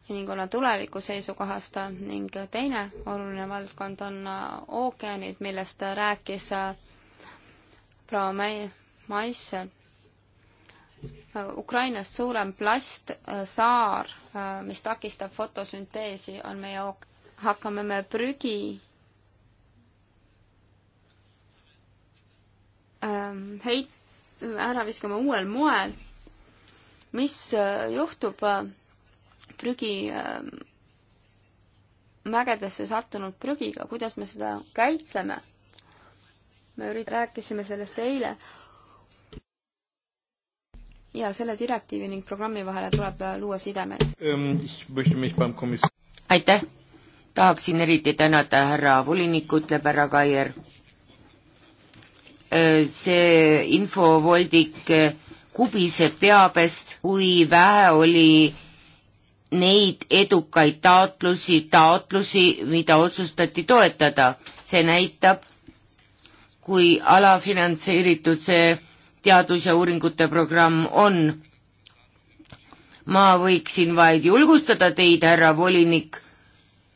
Speaker 3: inimkonna tuleviku seisukohast ning teine oluline valdkond on äh, ookeanid, millest rääkis äh, proua Mai-, Maisse Ukrainast suurem plastsaar, äh, äh, mis takistab fotosünteesi, on meie ok-, hakkame me prügi ähm, heit-, ära viskama uuel moel. mis äh, juhtub äh, prügi äh,, mägedesse sattunud prügiga, kuidas me seda käitleme? me ürit-, rääkisime sellest eile. ja selle direktiivi ning programmi vahele tuleb äh, luua sidemeid.
Speaker 2: Ähm, aitäh! tahaksin eriti tänada härra volinikku, ütleb härra Kaier. Äh, see infovoldik äh, kubiseb teabest, kui vähe oli neid edukaid taotlusi, taotlusi, mida otsustati toetada. see näitab, kui alafinantseeritud see teadus- ja uuringute programm on. ma võiksin vaid julgustada teid, härra volinik,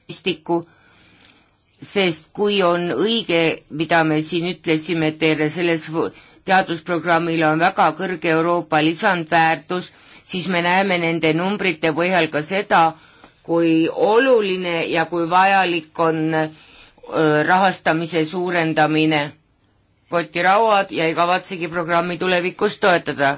Speaker 2: sest kui on õige, mida me siin ütlesime teile, selles teadusprogrammil on väga kõrge Euroopa lisandväärtus, siis me näeme nende numbrite põhjal ka seda, kui oluline ja kui vajalik on rahastamise suurendamine kotirauad ja ei kavatsegi programmi tulevikus toetada.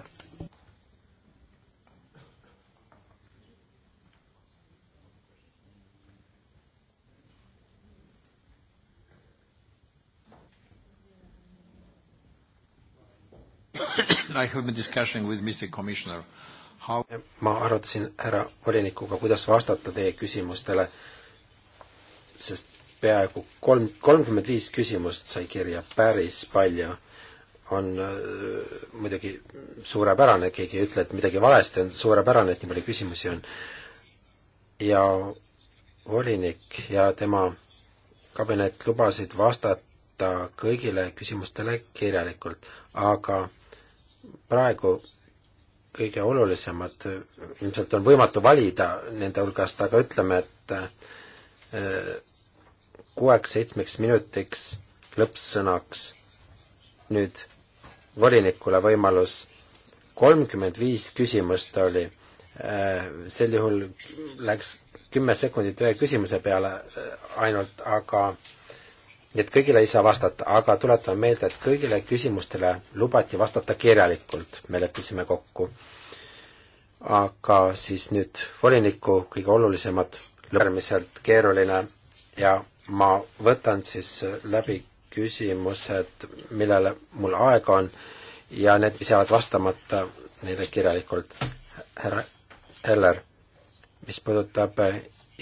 Speaker 2: I have been discussing
Speaker 1: with Mr Commissioner how ma arutasin härra volinikuga, kuidas vastata teie küsimustele, sest peaaegu kolm, kolmkümmend viis küsimust sai kirja, päris palju. on äh, muidugi suurepärane, keegi ei ütle, et midagi valesti, on suurepärane, et nii palju küsimusi on. ja volinik ja tema kabinet lubasid vastata kõigile küsimustele kirjalikult, aga praegu kõige olulisemad, äh, ilmselt on võimatu valida nende hulgast, aga ütleme, et äh, kuueks-seitsmeks minutiks lõppsõnaks nüüd volinikule võimalus, kolmkümmend viis küsimust oli, äh, sel juhul läks kümme sekundit ühe küsimuse peale äh, ainult, aga nii et kõigile ei saa vastata, aga tuletame meelde, et kõigile küsimustele lubati vastata kirjalikult, me leppisime kokku. aga siis nüüd voliniku kõige olulisemad, äärmiselt keeruline ja ma võtan siis läbi küsimused, millele mul aega on ja need, mis jäävad vastamata, neile kirjalikult. härra Heller, mis puudutab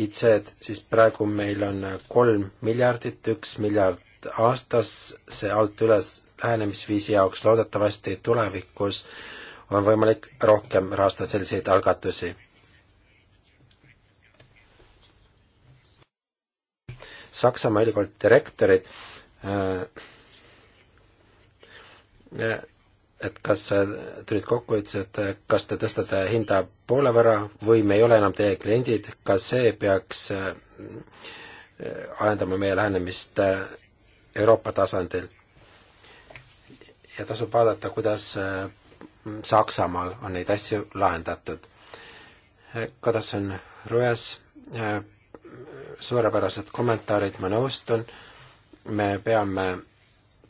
Speaker 1: IC-d, siis praegu meil on kolm miljardit, üks miljard aastas, see alt üles lähenemisviisi jaoks loodetavasti tulevikus on võimalik rohkem rahastada selliseid algatusi Saksamaa ülikooli direktorid, äh, äh, et kas tulid kokku, ütlesid, et äh, kas te tõstate hinda poole võrra või me ei ole enam teie kliendid, kas see peaks ajendama meie lähenemist Euroopa tasandil? ja tasub vaadata, kuidas Saksamaal on neid asju lahendatud. Kadasson Rujas suurepärased kommentaarid, ma nõustun, me peame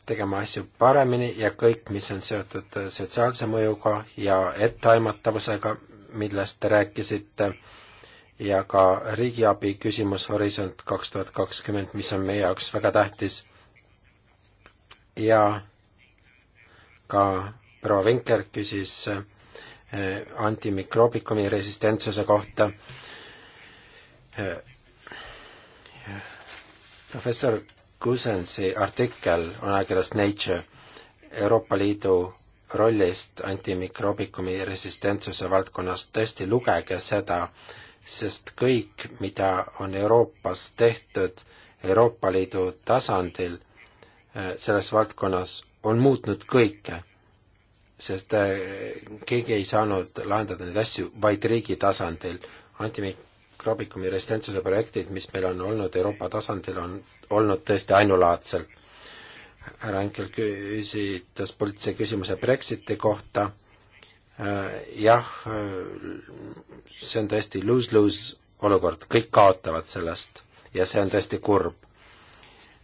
Speaker 1: tegema asju paremini ja kõik, mis on seotud sotsiaalse mõjuga ja etteaimatavusega, millest te rääkisite, ja ka riigiabi küsimus Horisont kaks tuhat kakskümmend, mis on meie jaoks väga tähtis. ja ka proua Vinker küsis eh, antimikroobikumi resistentsuse kohta eh, professor Gusensi artikkel on ajakirjas Nature Euroopa Liidu rollist antimikroobikumi resistentsuse valdkonnas, tõesti lugege seda, sest kõik, mida on Euroopas tehtud Euroopa Liidu tasandil eh, selles valdkonnas, on muutnud kõike. sest eh, keegi ei saanud lahendada neid asju vaid riigi tasandil. antimik-, Krabikumi residentsuse projektid, mis meil on olnud Euroopa tasandil, on olnud tõesti ainulaadsed. härra Henkel küsitas poliitilise küsimuse Brexiti kohta, äh, jah, äh, see on tõesti lose-lose olukord, kõik kaotavad sellest ja see on tõesti kurb.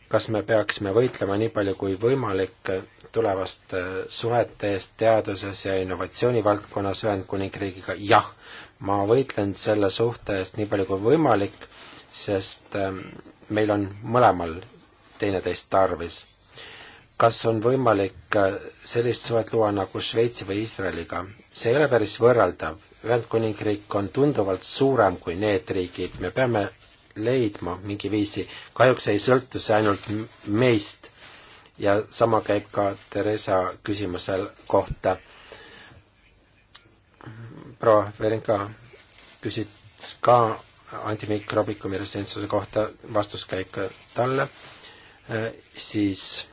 Speaker 1: kas me peaksime võitlema nii palju kui võimalik tulevaste suhete eest teaduses ja innovatsiooni valdkonnas Ühendkuningriigiga, jah, ma võitlen selle suhte eest nii palju kui võimalik, sest ähm, meil on mõlemal teineteist tarvis. kas on võimalik äh, sellist suhet luua nagu Šveitsi või Iisraeliga? see ei ole päris võrreldav, Ühendkuningriik on tunduvalt suurem kui need riigid, me peame leidma mingi viisi, kahjuks ei sõltu see ainult meist ja sama käib ka Theresa küsimusel kohta proua Verenka küsis ka antimikroobikumi resistentsuse kohta vastuskäik talle, äh, siis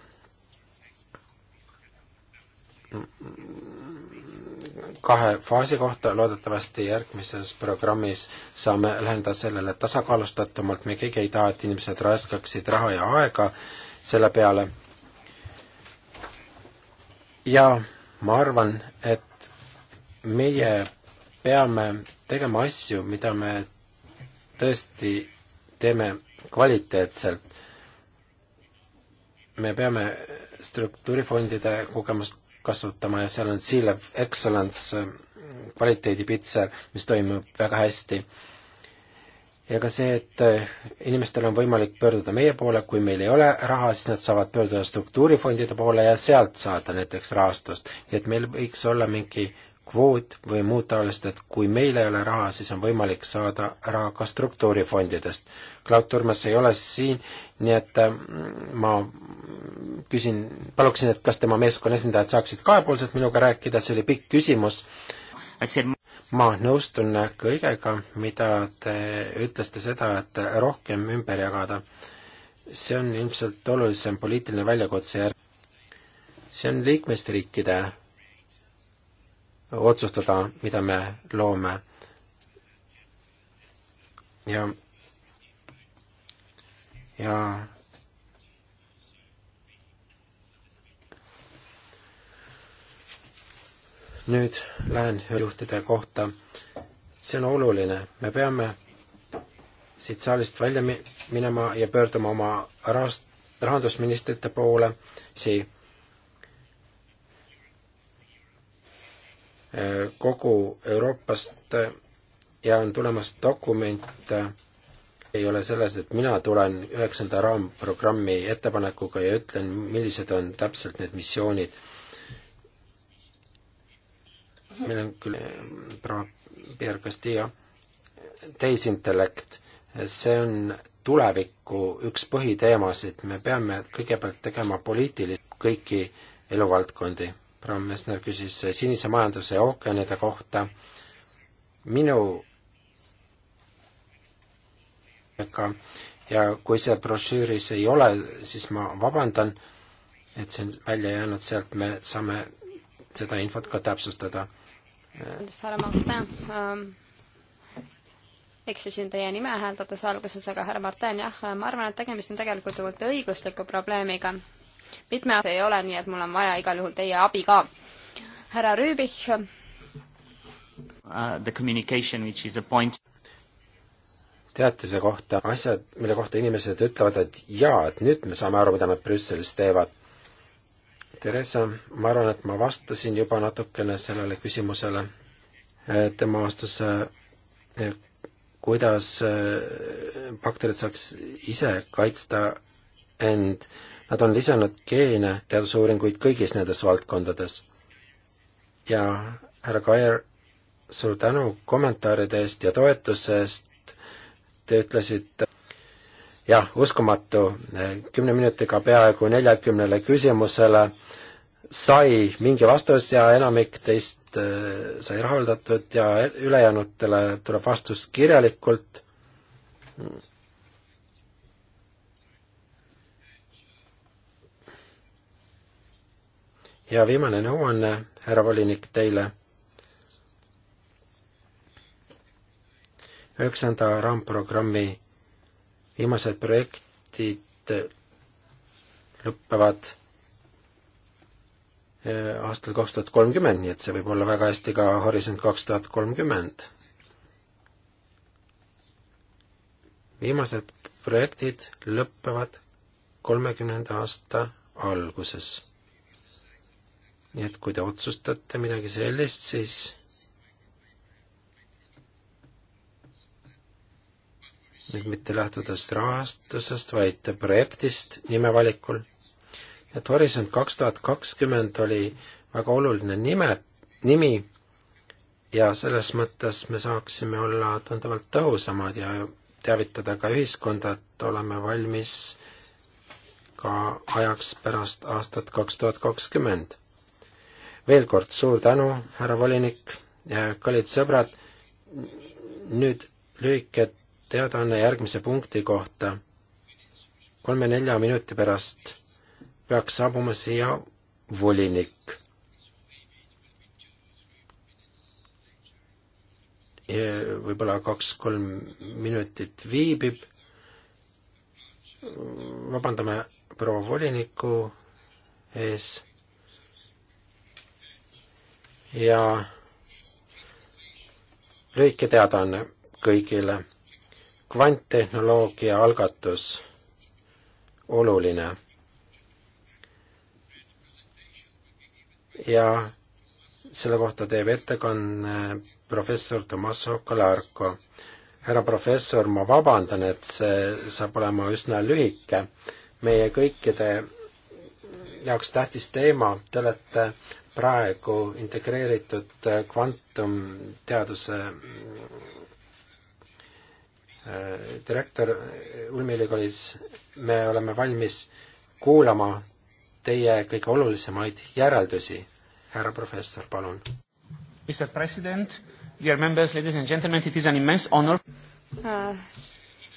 Speaker 1: kahe faasi kohta loodetavasti järgmises programmis saame läheneda sellele tasakaalustatumalt, me keegi ei taha, et inimesed raiskaksid raha ja aega selle peale. ja ma arvan, et meie peame tegema asju, mida me tõesti teeme kvaliteetselt. me peame struktuurifondide kogemust kasutama ja seal on Seal of Excellence äh, kvaliteedipitser, mis toimub väga hästi. ja ka see, et äh, inimestel on võimalik pöörduda meie poole, kui meil ei ole raha, siis nad saavad pöörduda struktuurifondide poole ja sealt saada näiteks rahastust. nii et meil võiks olla mingi kvoot või muud taolist, et kui meil ei ole raha, siis on võimalik saada raha ka struktuurifondidest. Klaud Turmas ei ole siin, nii et äh, ma küsin, paluksin, et kas tema meeskonna esindajad saaksid kahepoolselt minuga rääkida, see oli pikk küsimus. ma nõustun kõigega, mida te ütlesite seda, et rohkem ümber jagada. see on ilmselt olulisem poliitiline väljakutse järg-. see on liikmesriikide otsustada, mida me loome. ja, ja nüüd lähen juhtide kohta. see on oluline, me peame siit saalist välja minema ja pöörduma oma rahast, rahandusministrite poole, see kogu Euroopast ja on tulemas dokument, ei ole selles, et mina tulen üheksanda raamprogrammi ettepanekuga ja ütlen, millised on täpselt need missioonid. meil on küll eh, proua Pierre Castillo, tehisintellekt, see on tuleviku üks põhiteemasid, me peame kõigepealt tegema poliitilist kõiki eluvaldkondi Bram Messner küsis sinise majanduse ja ookeanide kohta. minu ega ja kui see brošüüris ei ole, siis ma vabandan, et see on välja jäänud, sealt me saame seda infot ka täpsustada.
Speaker 3: härra Martin ähm,, eksisin teie nime hääldades alguses, aga härra Martin, jah, ma arvan, et tegemist on tegelikult õigusliku probleemiga mitme aasta ei ole, nii et mul on vaja igal juhul teie abi ka. härra Rüübich uh,.
Speaker 1: The communication which is a point teatise kohta asjad, mille kohta inimesed ütlevad, et jaa, et nüüd me saame aru, mida nad Brüsselis teevad. Theresa, ma arvan, et ma vastasin juba natukene sellele küsimusele, eh, tema vastus, eh, kuidas eh, bakterid saaks ise kaitsta end äh, Nad on lisanud geene teadusuuringuid kõigis nendes valdkondades. ja härra Kair, suur tänu kommentaaride eest ja toetuse eest, te ütlesite jah, uskumatu, kümne minutiga peaaegu neljakümnele küsimusele sai mingi vastus ja enamik teist eh, sai rahuldatud ja ülejäänutele tuleb vastus kirjalikult ja viimane nõuanne, härra volinik, teile. üheksanda raamprogrammi viimased projektid lõppevad äh, aastal kaks tuhat kolmkümmend, nii et see võib olla väga hästi ka Horisont kaks tuhat kolmkümmend. viimased projektid lõppevad kolmekümnenda aasta alguses nii et kui te otsustate midagi sellist, siis nüüd mitte lähtudes rahastusest, vaid projektist nime valikul, et Horisont kaks tuhat kakskümmend oli väga oluline nime, nimi ja selles mõttes me saaksime olla tunduvalt tõhusamad ja teavitada ka ühiskonda, et oleme valmis ka ajaks pärast aastat kaks tuhat kakskümmend veel kord suur tänu, härra volinik, kallid sõbrad, nüüd lühike teadaanne järgmise punkti kohta. kolme-nelja minuti pärast peaks saabuma siia volinik. võib-olla kaks-kolm minutit viibib. vabandame proua voliniku ees ja lühike teadaanne kõigile. kvanttehnoloogia algatus, oluline. ja selle kohta teeb ettekanne professor Tommaso Calarco. härra professor, ma vabandan, et see saab olema üsna lühike. meie kõikide jaoks tähtis teema, te olete praegu integreeritud äh, kvantumteaduse äh, direktor Ulmi ülikoolis, me oleme valmis kuulama teie kõige olulisemaid järeldusi. härra professor, palun.
Speaker 2: Mr President,
Speaker 3: dear members, ladies and gentlemen, it is an immense honor uh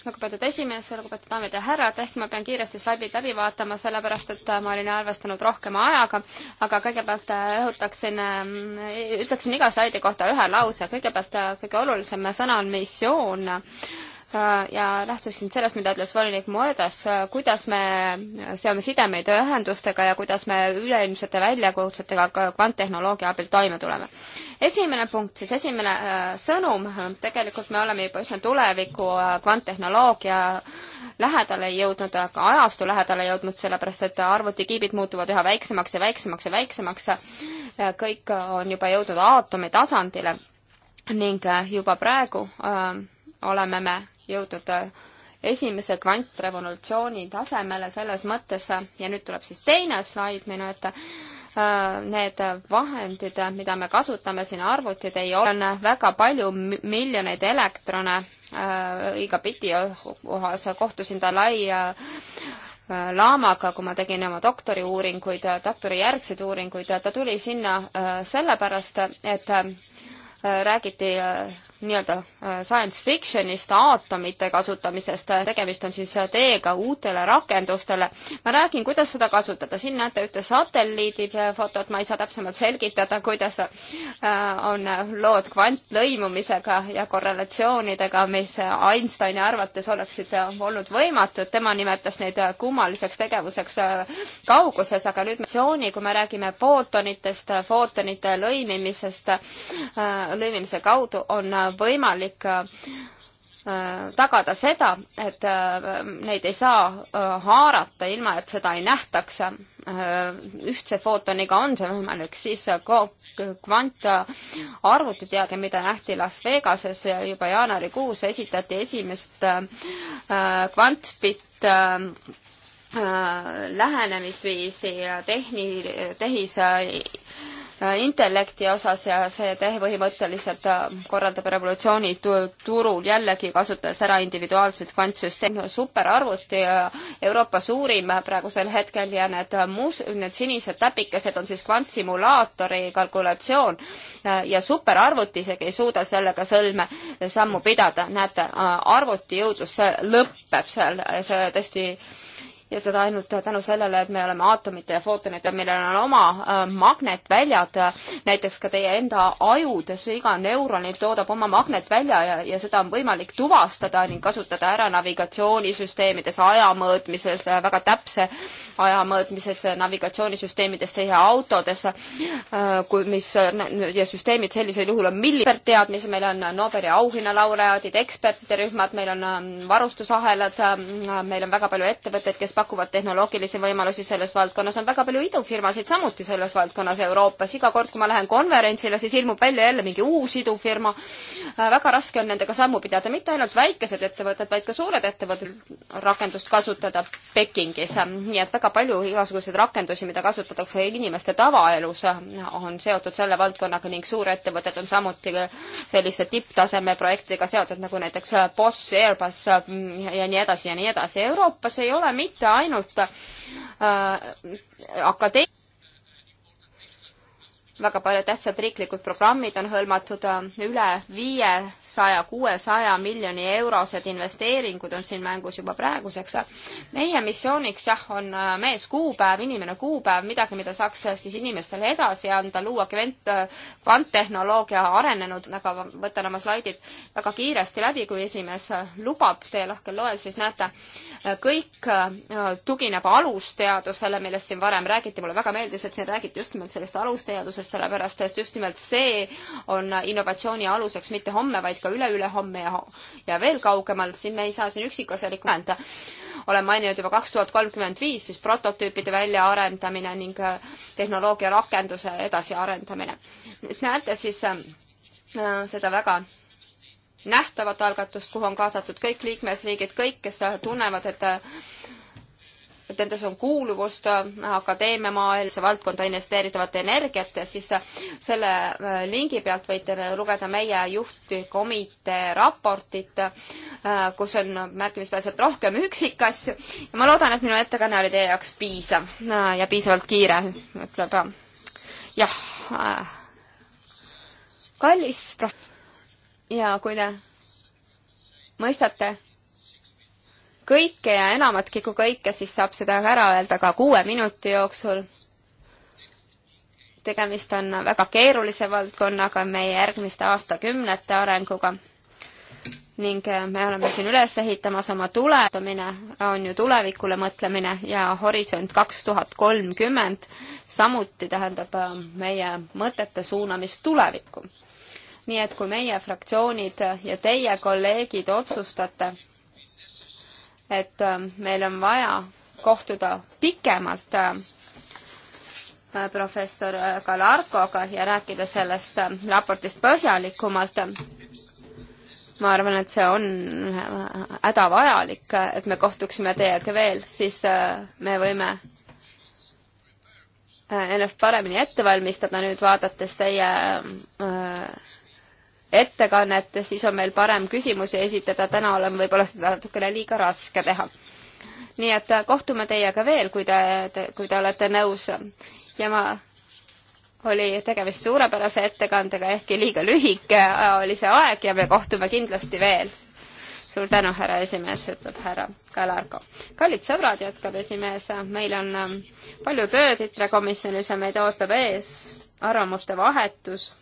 Speaker 3: lugupeetud esimees, lugupeetud daamid ja härrad, ehk ma pean kiiresti slaidid läbi vaatama, sellepärast et äh, ma olin arvestanud rohkema ajaga, aga kõigepealt äh, rõhutaksin, ähm, ütleksin iga slaidi kohta ühe lause, kõigepealt äh, kõige olulisem sõna on missioon ja lähtusin sellest, mida ütles volinik Moedas, kuidas me seome sidemeid ühendustega ja kuidas me üleilmsete väljakutsetega kvanttehnoloogia abil toime tuleme. esimene punkt, siis esimene äh, sõnum, tegelikult me oleme juba üsna tuleviku äh, kvanttehnoloogia lähedale jõudnud, aga ajastu lähedale jõudnud, sellepärast et arvutikiibid muutuvad üha väiksemaks ja väiksemaks ja väiksemaks. kõik on juba jõudnud aatomi tasandile ning äh, juba praegu öö, oleme me jõudnud äh, esimese kvantrevolutsiooni tasemele selles mõttes äh, ja nüüd tuleb siis teine slaid minu ette. Äh, need vahendid, mida me kasutame siin, arvutid ei ole, on väga palju miljoneid elektrone äh, iga biti kohas, kohtusin Dalai äh, laamaga, kui ma tegin oma doktoriuuringuid, doktorijärgseid uuringuid ja ta tuli sinna äh, sellepärast, et äh, Äh, räägiti äh, nii-öelda äh, science fiction'ist, aatomite kasutamisest, tegemist on siis teega uutele rakendustele. ma räägin, kuidas seda kasutada, siin näete ühte satelliidifotot, ma ei saa täpsemalt selgitada, kuidas on lood kvantlõimumisega ja korrelatsioonidega, mis Einsteini arvates oleksid olnud võimatud, tema nimetas neid kummaliseks tegevuseks kauguses, aga nüüd, kui me räägime footonitest, footonite lõimimisest, lõimimise kaudu on võimalik äh, tagada seda, et äh, neid ei saa äh, haarata, ilma et seda ei nähtaks. ühtse footoniga on see võimalik, siis kvantarvutiteade, mida nähti Las Vegases juba jaanuarikuus, esitati esimest kvantbitt lähenemisviisi tehni-, tehis Äh, intellekti osas ja see põhimõtteliselt äh, korraldab revolutsiooni turul jällegi, kasutades ära individuaalset kvantsüsteemi. superarvuti äh, Euroopa suurim praegusel hetkel ja need muus-, need sinised täpikesed on siis kvantsimulaatori kalkulatsioon ja superarvuti isegi ei suuda sellega sõlme sammu pidada. näete, arvuti jõudlus lõpeb seal, see tõesti ja seda ainult tänu sellele, et me oleme aatomite ja footonite, millel on oma äh, magnetväljad, näiteks ka teie enda ajudes, iga neuronil toodab oma magnetvälja ja, ja seda on võimalik tuvastada ning kasutada ära navigatsioonisüsteemides, ajamõõtmises, äh, väga täpse ajamõõtmises, äh, navigatsioonisüsteemides teie autodes, kui, mis ja süsteemid sellisel juhul on milli-, teadmisi, meil on Nobeli auhinnalaureaadid, ekspertide rühmad, meil on varustusahelad, meil on väga palju ettevõtteid, kes pakuvad tehnoloogilisi võimalusi selles valdkonnas, on väga palju idufirmasid samuti selles valdkonnas Euroopas, iga kord, kui ma lähen konverentsile, siis ilmub välja jälle mingi uus idufirma. Äh, väga raske on nendega sammu pidada, mitte ainult väikesed ettevõtted, vaid ka suured ettevõtted rakendust kasutada Pekingis. nii et väga palju igasuguseid rakendusi, mida kasutatakse inimeste tavaelus, on seotud selle valdkonnaga ning suurettevõtted on samuti selliste tipptaseme projektidega seotud, nagu näiteks Boss, Airbus mm, ja nii edasi ja nii edasi. Euroopas ei ole mitte mitte ainult äh, akadeemia väga paljud tähtsad riiklikud programmid on hõlmatud, äh, üle viiesaja, kuuesaja miljoni eurosed investeeringud on siin mängus juba praeguseks. meie missiooniks jah, on äh, mees kuupäev, inimene kuupäev, midagi, mida saaks äh, siis inimestele edasi anda, luua kvant, kvanttehnoloogia arenenud, aga võtan oma slaidid väga kiiresti läbi, kui esimees lubab, teie lahkel loel siis näete, kõik tugineb alusteadusele, millest siin varem räägiti, mulle väga meeldis, et siin räägiti just nimelt sellest alusteadusest, tegevuses, sellepärast et just nimelt see on innovatsiooni aluseks mitte homme, vaid ka üle-ülehomme ja, ja veel kaugemal, siin me ei saa siin üksikasjalikku öelda. olen maininud juba kaks tuhat kolmkümmend viis, siis prototüüpide väljaarendamine ning äh, tehnoloogia rakenduse edasiarendamine. nüüd näete siis äh, seda väga nähtavat algatust, kuhu on kaasatud kõik liikmesriigid, kõik, kes tunnevad, et äh, et nendes on kuuluvust äh, akadeemiamaailmse valdkonda investeeritavat energiat, siis äh, selle äh, lingi pealt võite lugeda meie juhtkomitee raportit, kus on märkimisväärselt rohkem üksikasju ja ma loodan, et minu ettekanne oli teie jaoks piisav ja piisavalt kiire, ütleb jah, kallis prof- ja kui te mõistate kõike ja enamatki kui kõike, siis saab seda ära öelda ka kuue minuti jooksul. tegemist on väga keerulise valdkonnaga, meie järgmiste aastakümnete arenguga ning äh, me oleme siin üles ehitamas oma tuletamine, on ju tulevikule mõtlemine ja Horisont kaks tuhat kolmkümmend samuti tähendab äh, meie mõtete suunamist tulevikku. nii et kui meie fraktsioonid ja teie kolleegid otsustate et äh, meil on vaja kohtuda pikemalt äh, professor äh, Galarkoga ja rääkida sellest raportist põhjalikumalt. ma arvan, et see on hädavajalik, et me kohtuksime teiega veel, siis me võime ennast paremini ette valmistada nüüd, vaadates teie ettekannet, siis on meil parem küsimusi esitada, täna oleme võib-olla seda natukene liiga raske teha. nii et äh, kohtume teiega veel, kui te, te, kui te olete nõus ja ma oli tegemist suurepärase ettekandega, ehkki liiga lühike äh, oli see aeg ja me kohtume kindlasti veel. suur tänu, härra esimees, ütleb härra Kalarko. kallid sõbrad, jätkab esimees, meil on ähm, palju tööd ITRE komisjonis ja meid ootab ees arvamuste vahetus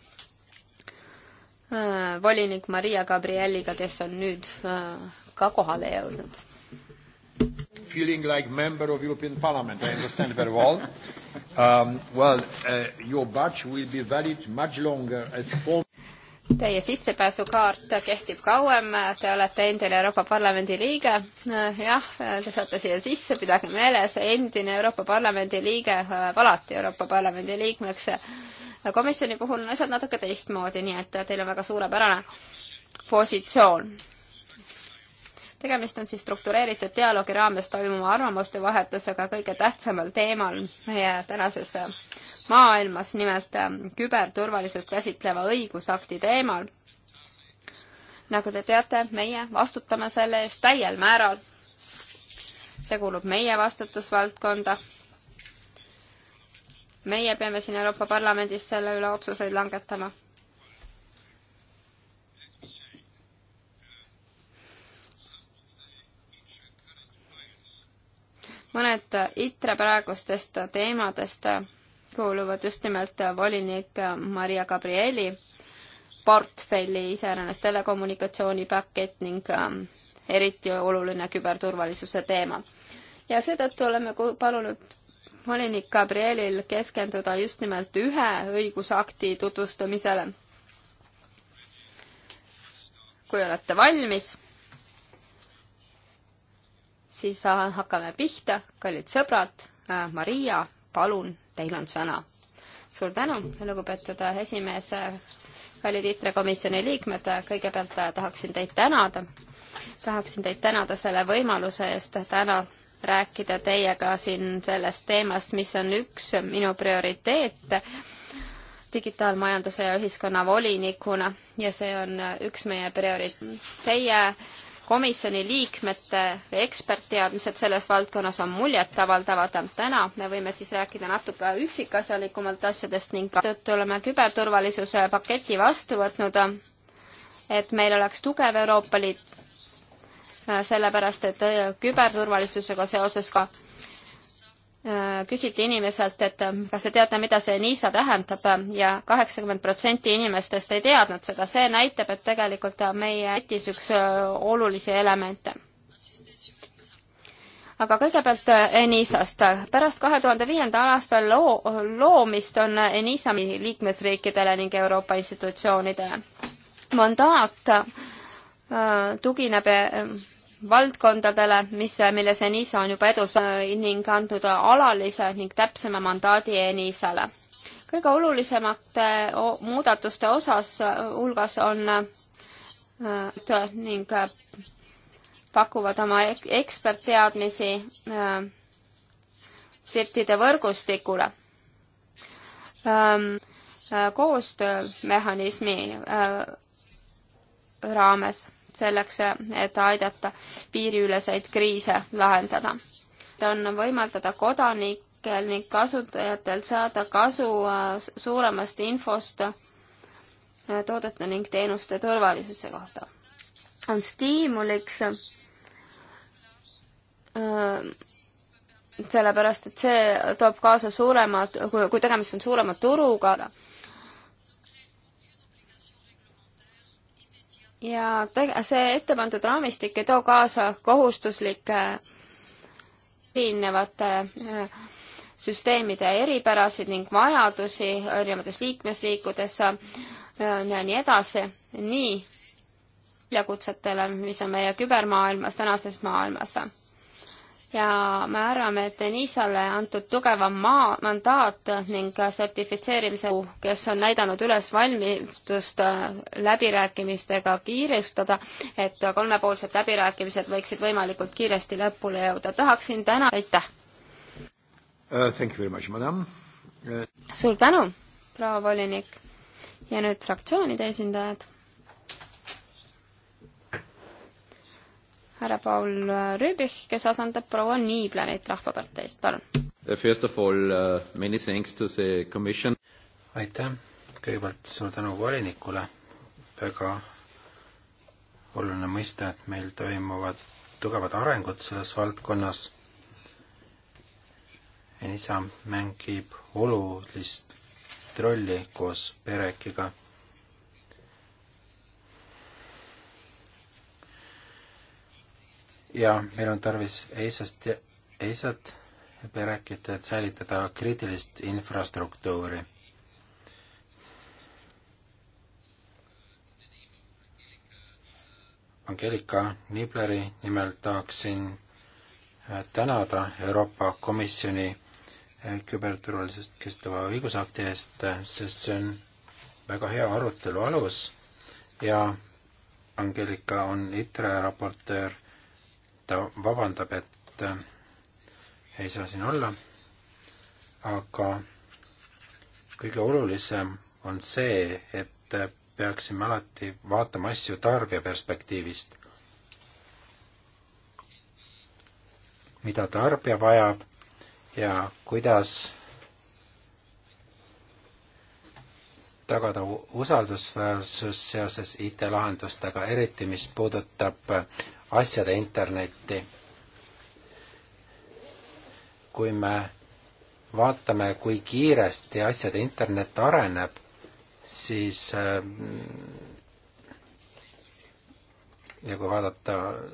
Speaker 3: Äh, volinik Maria Gabrieliga, kes on nüüd äh, ka kohale jõudnud.
Speaker 1: Feeling like member of European Parliament, I understand very well. Um, well, uh, your badge will be valid much longer as former
Speaker 3: Teie sissepääsukaart kehtib kauem, te olete endine Euroopa Parlamendi liige. jah, te saate siia sisse, pidage meeles, endine Euroopa Parlamendi liige jääb alati Euroopa Parlamendi liikmeks. komisjoni puhul on asjad natuke teistmoodi, nii et teil on väga suurepärane positsioon tegemist on siis struktureeritud dialoogi raames toimuva arvamuste vahetusega kõige tähtsamal teemal meie tänases äh, maailmas, nimelt äh, küberturvalisust käsitleva õigusakti teemal. nagu te teate, meie vastutame selle eest täiel määral. see kuulub meie vastutusvaldkonda meie peame siin Euroopa Parlamendis selle üle otsuseid langetama mõned ITRE praegustest teemadest kuuluvad just nimelt volinik Maria Gabrieli portfelli iseäranis telekommunikatsioonipakett ning ähm, eriti oluline küberturvalisuse teema. ja seetõttu oleme palunud volinik Gabrielil keskenduda just nimelt ühe õigusakti tutvustamisele. kui olete valmis siis äh, hakkame pihta, kallid sõbrad, äh, Maria, palun, teil on sõna. suur tänu, lugupeetud äh, esimees, kallid ITRE komisjoni liikmed, kõigepealt tahaksin teid tänada, tahaksin teid tänada selle võimaluse eest täna rääkida teiega siin sellest teemast, mis on üks minu prioriteete digitaalmajanduse ja ühiskonna volinikuna ja see on üks meie priori-, teie komisjoni liikmete ekspertteadmised selles valdkonnas on muljetavaldavad. täna me võime siis rääkida natuke üksikasjalikumalt asjadest ning tõttu oleme küberturvalisuse paketi vastu võtnud, et meil oleks tugev Euroopa Liit, sellepärast et äh, küberturvalisusega seoses ka küsiti inimeselt, et ähm, kas te teate, mida see NISA tähendab ähm, ja kaheksakümmend protsenti inimestest ei teadnud seda, see näitab, et tegelikult äh, meie netis üks äh, olulisi elemente. aga kõigepealt äh, NISA-st. pärast kahe tuhande viienda aasta loo, loomist on NISA liikmesriikidele ning Euroopa institutsioonidele. mandaat tugineb valdkondadele, mis, milles ENISA on juba edus äh, ning andnud alalise ning täpsema mandaadi ENISA-le. kõige olulisemate muudatuste osas äh, hulgas on äh, ning pakuvad oma ekspertteadmisi SIRT-ide võrgustikule ähm, koostöömehhanismi raames selleks, et aidata piiriüleseid kriise lahendada. on võimaldada kodanikel ning kasutajatel saada kasu äh, suuremast infost äh, toodete ning teenuste turvalisuse kohta. on stiimuliks äh, sellepärast, et see toob kaasa suurema, kui tegemist on suurema turuga, ja see ette pandud raamistik ei too kaasa kohustuslikke erinevate äh, süsteemide eripärasid ning vajadusi erinevates liikmesriikides äh, ja nii edasi, nii väljakutsetele, mis on meie kübermaailmas, tänases maailmas ja määrame Denisale antud tugevam maa, mandaat ning sertifitseerimise, kes on näidanud üles valmidust äh, läbirääkimistega kiirustada, et kolmepoolsed läbirääkimised võiksid võimalikult kiiresti lõpule jõuda. tahaksin täna, aitäh
Speaker 1: uh,! Thank you very much, madam uh...!
Speaker 3: suur tänu, proua volinik! ja nüüd fraktsioonide esindajad härra Paul Rüübich, kes asendab proua Niiblerit Rahvaparteist, palun.
Speaker 1: Uh, first of all uh, many thanks to the commission. aitäh, kõigepealt suur tänu volinikule, väga oluline mõista, et meil toimuvad tugevad arengud selles valdkonnas. Enisa mängib olulist rolli koos Perekiga ja meil on tarvis EISA-st ja EISA-t ja te räägite, et säilitada kriitilist infrastruktuuri. Angelika Nibleri nimel tahaksin äh, tänada Euroopa Komisjoni äh, küberturvalisust käsitleva õigusakti eest, äh, sest see on väga hea arutelu alus ja Angelika on ITRE raportöör ta vabandab, et äh, ei saa siin olla, aga kõige olulisem on see, et peaksime alati vaatama asju tarbija perspektiivist. mida tarbija vajab ja kuidas tagada usaldusväärsus seoses IT-lahendustega, eriti mis puudutab asjade internetti. kui me vaatame, kui kiiresti asjade internet areneb, siis äh, ja kui vaadata äh,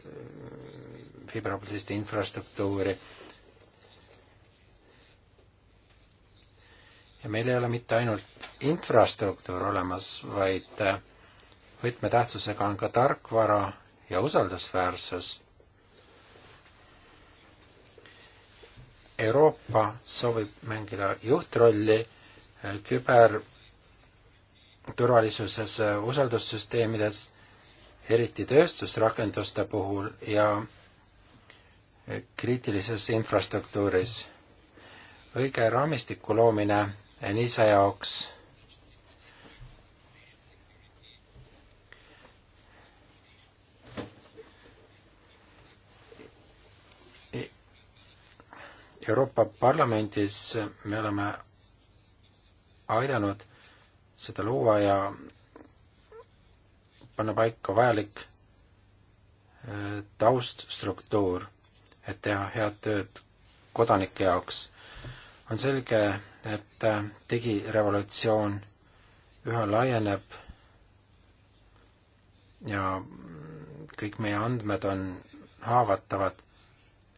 Speaker 1: fibraoptiliste infrastruktuuri, ja meil ei ole mitte ainult infrastruktuur olemas, vaid äh, võtmetähtsusega on ka tarkvara ja usaldusväärsus. Euroopa soovib mängida juhtrolli äh, küberturvalisuses äh, usaldussüsteemides, eriti tööstusrakenduste puhul ja äh, kriitilises infrastruktuuris. õige raamistiku loomine NISA jaoks Euroopa Parlamendis me oleme aidanud seda luua ja panna paika vajalik äh, tauststruktuur, et teha head tööd kodanike jaoks. on selge, et äh, digirevolutsioon üha laieneb ja kõik meie andmed on haavatavad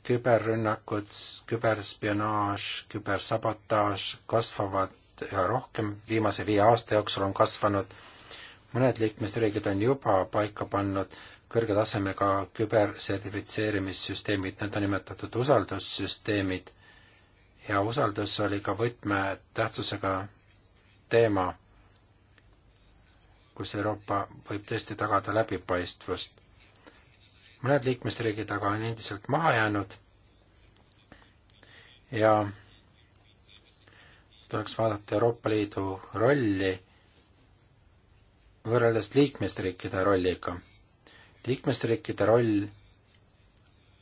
Speaker 1: küberrünnakud, küberspionaaž, kübersabotaaž kasvavad üha rohkem, viimase viie aasta jooksul on kasvanud, mõned liikmesriigid on juba paika pannud kõrge tasemega kübersertifitseerimissüsteemid, nõndanimetatud usaldussüsteemid, ja usaldus oli ka võtmetähtsusega teema, kus Euroopa võib tõesti tagada läbipaistvust mõned liikmesriigid aga on endiselt maha jäänud ja tuleks vaadata Euroopa Liidu rolli võrreldes liikmesriikide rolliga. liikmesriikide roll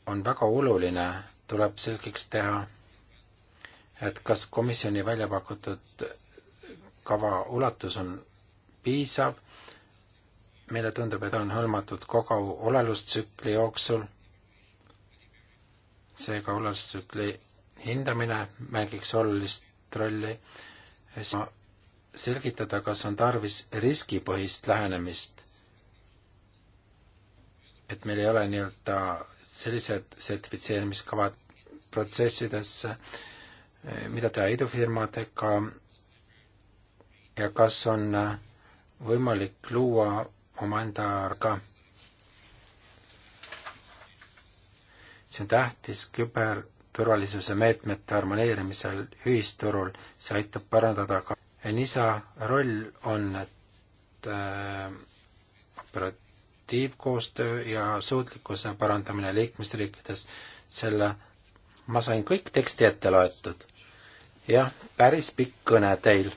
Speaker 1: on väga oluline, tuleb selgeks teha, et kas komisjoni välja pakutud kava ulatus on piisav meile tundub, et on hõlmatud kogu olelustsükli jooksul, seega olelustsükli hindamine mängiks olulist rolli, selgitada, kas on tarvis riskipõhist lähenemist. et meil ei ole nii-öelda sellised sertifitseerimiskavad protsessidesse, mida teha idufirmadega ja kas on võimalik luua omandaarga. see on tähtis küberturvalisuse meetmete harmoneerimisel ühisturul, see aitab parandada ka NISA roll on, et äh, operatiivkoostöö ja suutlikkuse parandamine liikmesriikides, selle ma sain kõik teksti ette loetud. jah, päris pikk kõne teil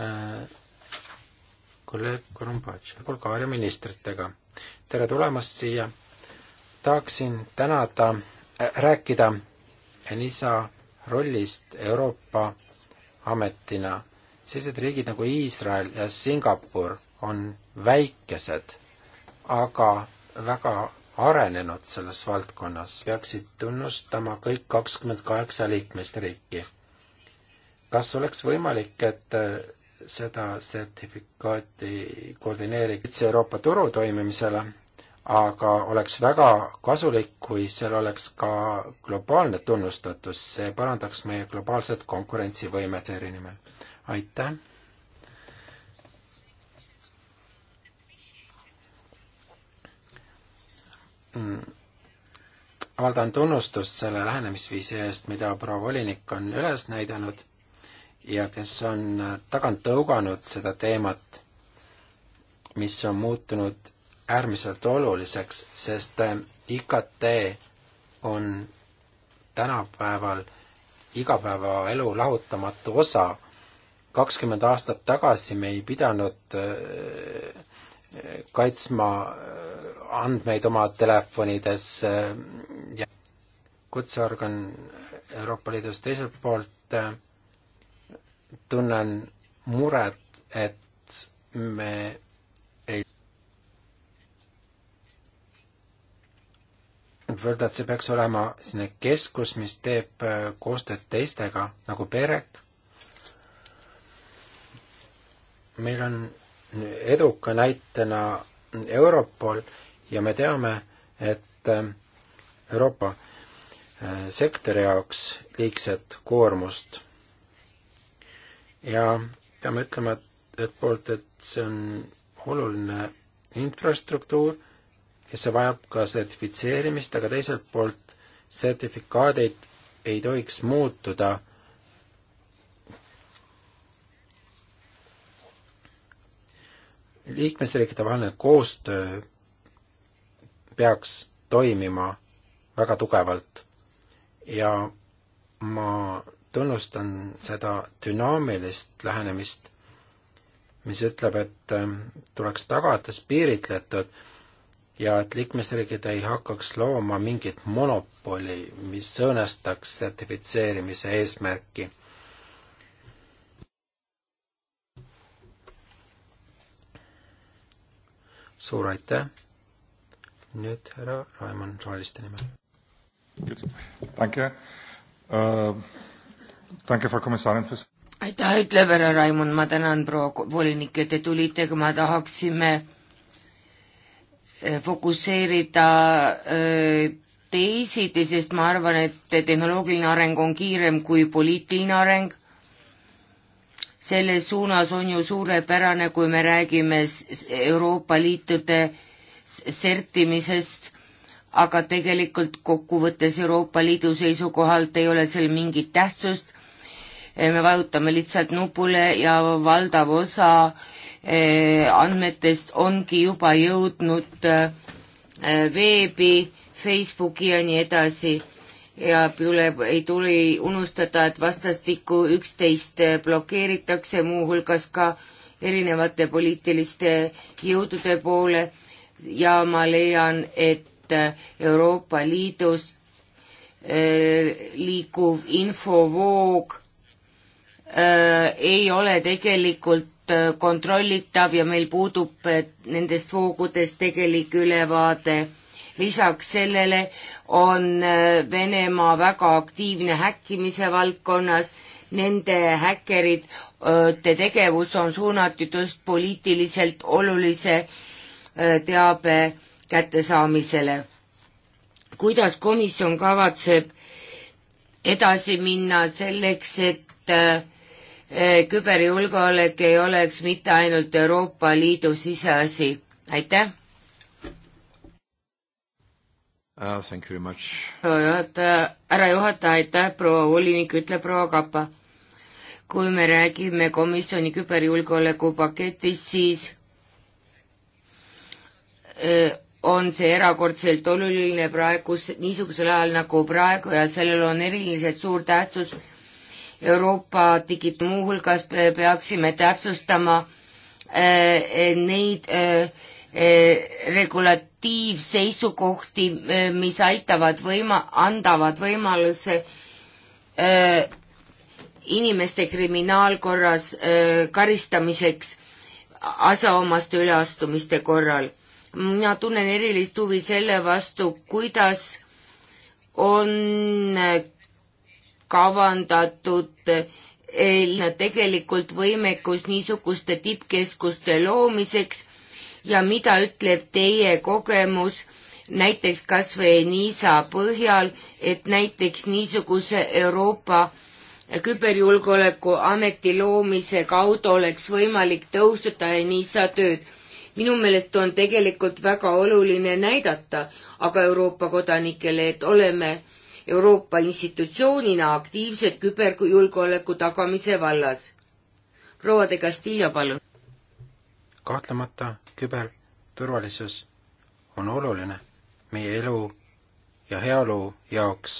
Speaker 1: äh, kolleeg Korumbatš Bulgaaria ministritega. tere tulemast siia! tahaksin tänada äh,, rääkida Enisa rollist Euroopa ametina. sellised riigid nagu Iisrael ja Singapur on väikesed, aga väga arenenud selles valdkonnas, peaksid tunnustama kõik kakskümmend kaheksa liikmesriiki. kas oleks võimalik, et äh, seda sertifikaati koordineeriks üldse Euroopa turu toimimisele, aga oleks väga kasulik, kui seal oleks ka globaalne tunnustatus, see parandaks meie globaalset konkurentsivõimet eri nimel. aitäh! Mm. avaldan tunnustust selle lähenemisviisi eest, mida proua volinik on üles näidanud ja kes on tagant tõuganud seda teemat, mis on muutunud äärmiselt oluliseks, sest äh, IKT on tänapäeval igapäevaelu lahutamatu osa. kakskümmend aastat tagasi me ei pidanud äh, kaitsma äh, andmeid oma telefonides ja kutseorgan Euroopa Liidus teiselt poolt tunnen muret, et me ei võib öelda, et see peaks olema selline keskus, mis teeb äh, koostööd teistega nagu PEREK. meil on eduka näitena Europol ja me teame, et äh, Euroopa äh, sektori jaoks liigset koormust ja peame ütlema, et, et poolt, et see on oluline infrastruktuur ja see vajab ka sertifitseerimist, aga teiselt poolt sertifikaadid ei tohiks muutuda liikmesriikide vaheline koostöö peaks toimima väga tugevalt ja ma tunnustan seda dünaamilist lähenemist, mis ütleb, et ähm, tuleks tagada piiritletud ja et liikmesriigid ei hakkaks looma mingit monopoli, mis õõnestaks sertifitseerimise eesmärki. suur aitäh! nüüd härra Raimond Rooliste
Speaker 2: nimel. Danke äh, aitäh, ütleb härra Raimond, ma tänan, proua volinik, et te tulite, aga ma tahaksime eh, fokusseerida eh, teisiti, sest ma arvan, et tehnoloogiline areng on kiirem kui poliitiline areng. selles suunas on ju suurepärane, kui me räägime Euroopa Liitude sertimisest, aga tegelikult kokkuvõttes Euroopa Liidu seisukohalt ei ole seal mingit tähtsust, Eh, me vajutame lihtsalt nupule ja valdav osa eh, andmetest ongi juba jõudnud eh, veebi, Facebooki ja nii edasi. ja tuleb, ei tule unustada, et vastastikku üksteist blokeeritakse, muuhulgas ka erinevate poliitiliste jõudude poole ja ma leian, et Euroopa Liidus liikuv infovoog Äh, ei ole tegelikult äh, kontrollitav ja meil puudub äh, nendest voogudest tegelik ülevaade. lisaks sellele on Venemaa väga aktiivne häkkimise valdkonnas, nende häkkerite tegevus on suunatud just poliitiliselt olulise teabe kättesaamisele. kuidas komisjon kavatseb edasi minna selleks, et äh, Eh, küberjulgeolek ei oleks mitte ainult Euroopa Liidu siseasi. aitäh uh,! proua juhataja, härra juhataja, aitäh, proua volinik, ütleb proua Kapa. kui me räägime komisjoni küberjulgeoleku paketist, siis öö, eh, on see erakordselt oluline praegu, niisugusel ajal nagu praegu ja sellel on eriliselt suur tähtsus Euroopa digi-, muuhulgas peaksime täpsustama äh, äh, neid äh, regulatiivseisukohti, mis aitavad võima-, andavad võimaluse inimeste kriminaalkorras karistamiseks asjaomaste üleastumiste korral. mina tunnen erilist huvi selle vastu, kuidas on kavandatud eelne tegelikult võimekus niisuguste tippkeskuste loomiseks ja mida ütleb teie kogemus näiteks kas või NISA põhjal, et näiteks niisuguse Euroopa küberjulgeoleku ameti loomise kaudu oleks võimalik tõustada NISA tööd minu meelest on tegelikult väga oluline näidata aga Euroopa kodanikele, et oleme Euroopa institutsioonina aktiivset küberjulgeoleku tagamise vallas. proua de Castillo, palun.
Speaker 1: kahtlemata küberturvalisus on oluline meie elu ja heaolu jaoks.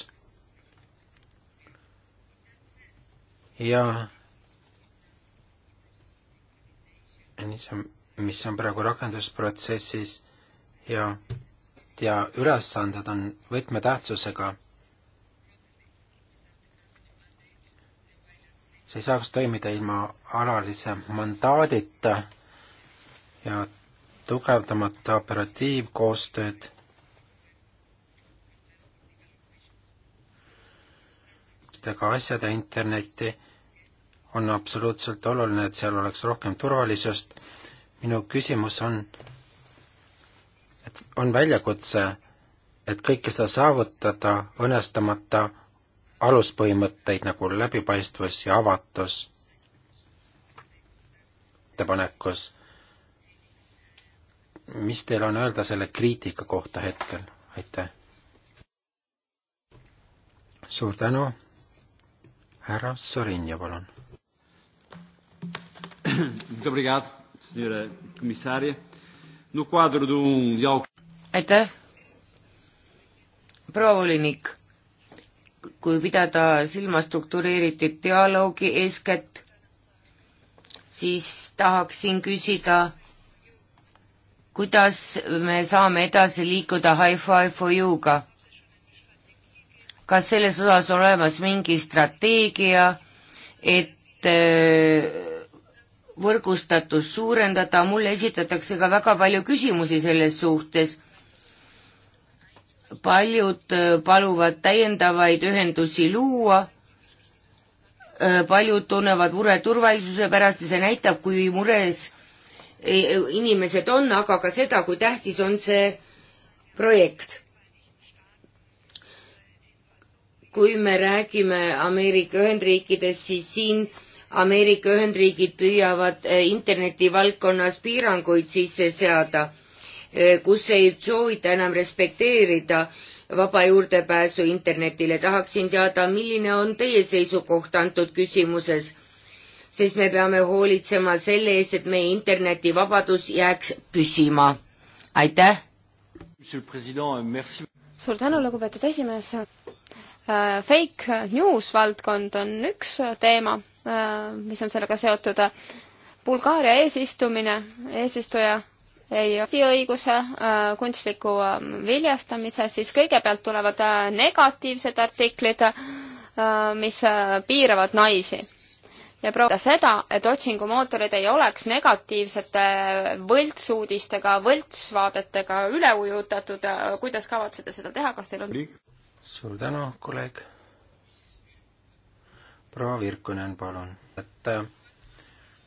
Speaker 1: ja mis on, mis on praegu rakendusprotsessis ja, ja ülesanded on võtmetähtsusega see ei saaks toimida ilma alalise mandaadita ja tugevdamata operatiivkoostööd ka asjade internetti, on absoluutselt oluline, et seal oleks rohkem turvalisust. minu küsimus on, et on väljakutse, et kõike seda saavutada õnnestamata aluspõhimõtteid nagu läbipaistvus ja avatus ettepanekus. mis teil on öelda selle kriitika kohta hetkel? aitäh! suur tänu, härra Sorinja, palun!
Speaker 2: aitäh, proua volinik kui pidada silma struktureeritud dialoogi eeskätt, siis tahaksin küsida, kuidas me saame edasi liikuda Hi-Fi for You'ga? kas selles osas on olemas mingi strateegia, et äh, võrgustatust suurendada, mulle esitatakse ka väga palju küsimusi selles suhtes paljud äh, paluvad täiendavaid ühendusi luua, äh, paljud tunnevad mure turvalisuse pärast ja see näitab, kui mures äh, inimesed on, aga ka seda, kui tähtis on see projekt. kui me räägime Ameerika Ühendriikidest, siis siin Ameerika Ühendriigid püüavad interneti valdkonnas piiranguid sisse seada Eh, kus ei soovita enam respekteerida vaba juurdepääsu internetile. tahaksin teada, milline on teie seisukoht antud küsimuses, sest me peame hoolitsema selle eest, et meie internetivabadus jääks püsima. aitäh!
Speaker 3: suur tänu, lugupeetud esimees! Äh, fake news valdkond on üks teema, äh, mis on sellega seotud. Bulgaaria eesistumine, eesistuja ei õiguse äh, kunstliku äh, viljastamise, siis kõigepealt tulevad äh, negatiivsed artiklid, mis piiravad naisi. ja proovida seda, et otsingumootorid ei oleks negatiivsete võltsuudistega, võltsvaadetega üle ujutatud, kuidas kavatsete seda teha, kas teil on?
Speaker 1: suur tänu, kolleeg. proua Virkonen, palun. et